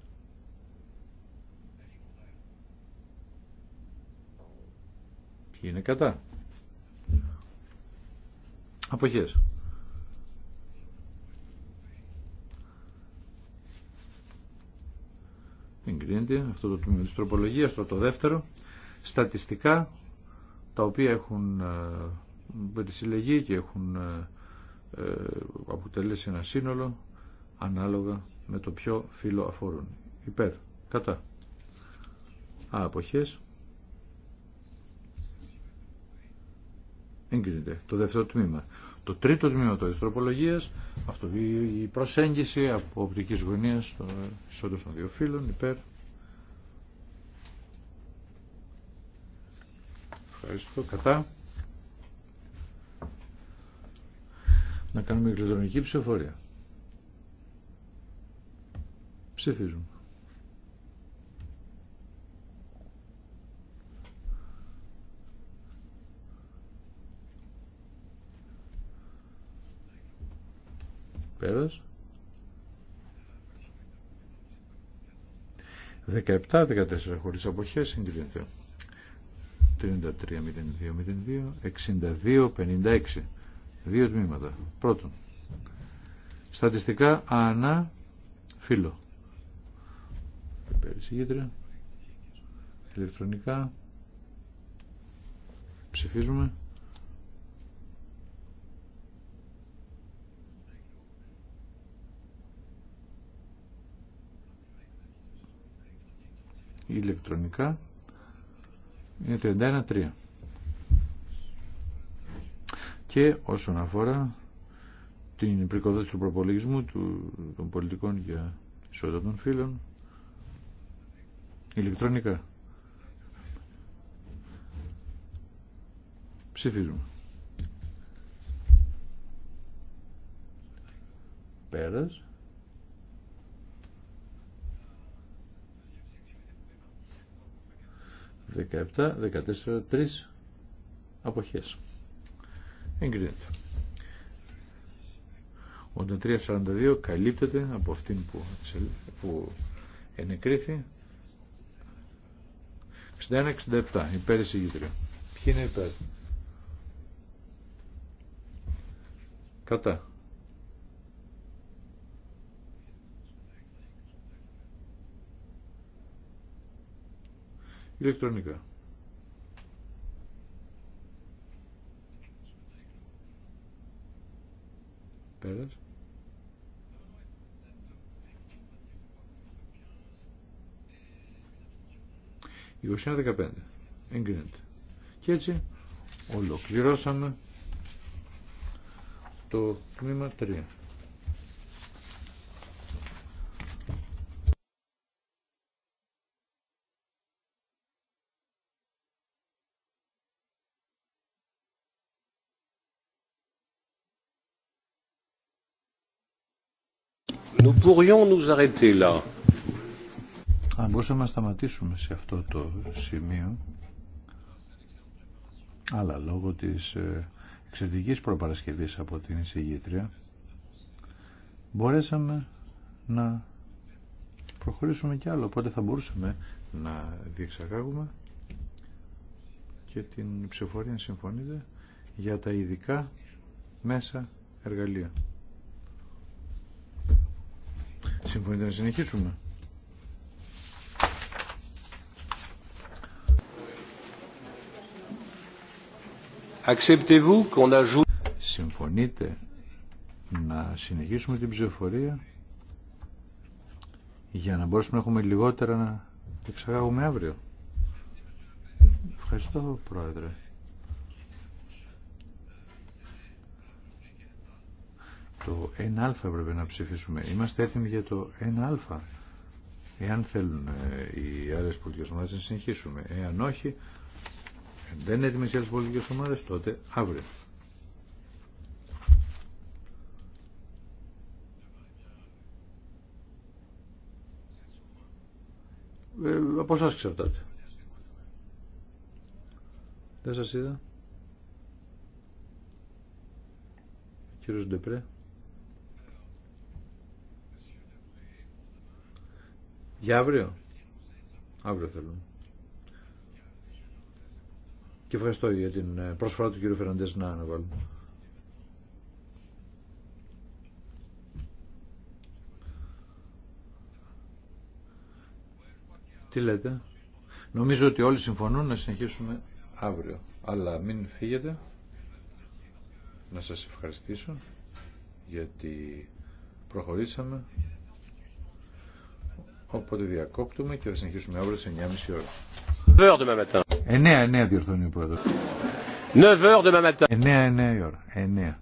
Ποιοι είναι κατά. Αποχές. Εγκρίνεται αυτό το τμήμα της τροπολογίας, το, το δεύτερο. Στατιστικά τα οποία έχουν περισυλλεγεί και έχουν ε, ε, αποτελέσει ένα σύνολο ανάλογα με το ποιο φύλλο αφορούν. Υπέρ, κατά. Α, αποχές. Εγκρίνεται το δεύτερο τμήμα. Το τρίτο τμήμα της τροπολογίας, αυτό η προσέγγιση από οπτικής γωνίας των ισότητων των δύο φύλων, υπέρ, Ευχαριστώ. Κατά. Να κάνουμε ηλεκτρονική ψηφοφορία. Ψηφίζουμε. Πέρας. 17-14 χωρίς αποχές συγκρίνεται. 33 πρώτον στατιστικά ανά φύλλο υπέρ ηλεκτρονικά ψηφίζουμε ηλεκτρονικά είναι 31-3. Και όσον αφορά την πρικοδότηση του προπολογισμού του, των πολιτικών για ισότητα των φύλων, ηλεκτρονικά. Ψηφίζουμε. Πέρας. 17, 14, 3 αποχές. Εγκρίνεται. 83-42 καλύπτεται από αυτήν που, που ενεκρίθη. 61-67 υπέρ εισηγήτρια. Ποιοι είναι υπέρ. Κατά. ηλεκτρονικά. Πέρας. Η Εγκρίνεται. Και έτσι ολοκληρώσαμε το τμήμα 3. Αν μπορούσαμε να σταματήσουμε σε αυτό το σημείο, αλλά λόγω της ε, εξαιρετικής προπαρασκευής από την εισηγήτρια, μπορέσαμε να προχωρήσουμε κι άλλο. Οπότε θα μπορούσαμε να διεξαγάγουμε και την ψηφορία, αν συμφωνείτε, για τα ειδικά μέσα εργαλεία. Συμφωνείτε να συνεχίσουμε. Συμφωνείτε να συνεχίσουμε την ψηφοφορία για να μπορέσουμε να έχουμε λιγότερα να εξαγάγουμε αύριο. Ευχαριστώ, Πρόεδρε. Το 1α πρέπει να ψηφίσουμε. Είμαστε έτοιμοι για το 1α. Εάν θέλουν ε, οι άλλες πολιτικές ομάδες να συνεχίσουμε. Εάν όχι, δεν είναι έτοιμες οι άλλες πολιτικές ομάδες, τότε αύριο. Ε, από εσάς Δεν σας είδα. Κύριος Ντεπρέ. Για αύριο. Αύριο θέλουμε. Και ευχαριστώ για την ε, πρόσφορα του κύριου Φεραντές να αναβάλουμε. Τι λέτε. Νομίζω ότι όλοι συμφωνούν να συνεχίσουμε αύριο. Αλλά μην φύγετε. Να σας ευχαριστήσω γιατί προχωρήσαμε Οπότε διακόπτουμε και θα συνεχίσουμε αύριο σε 9.30 ώρα. 9, 9 διορθώνει ο πρόεδρος. 9, 9 η ώρα. 9.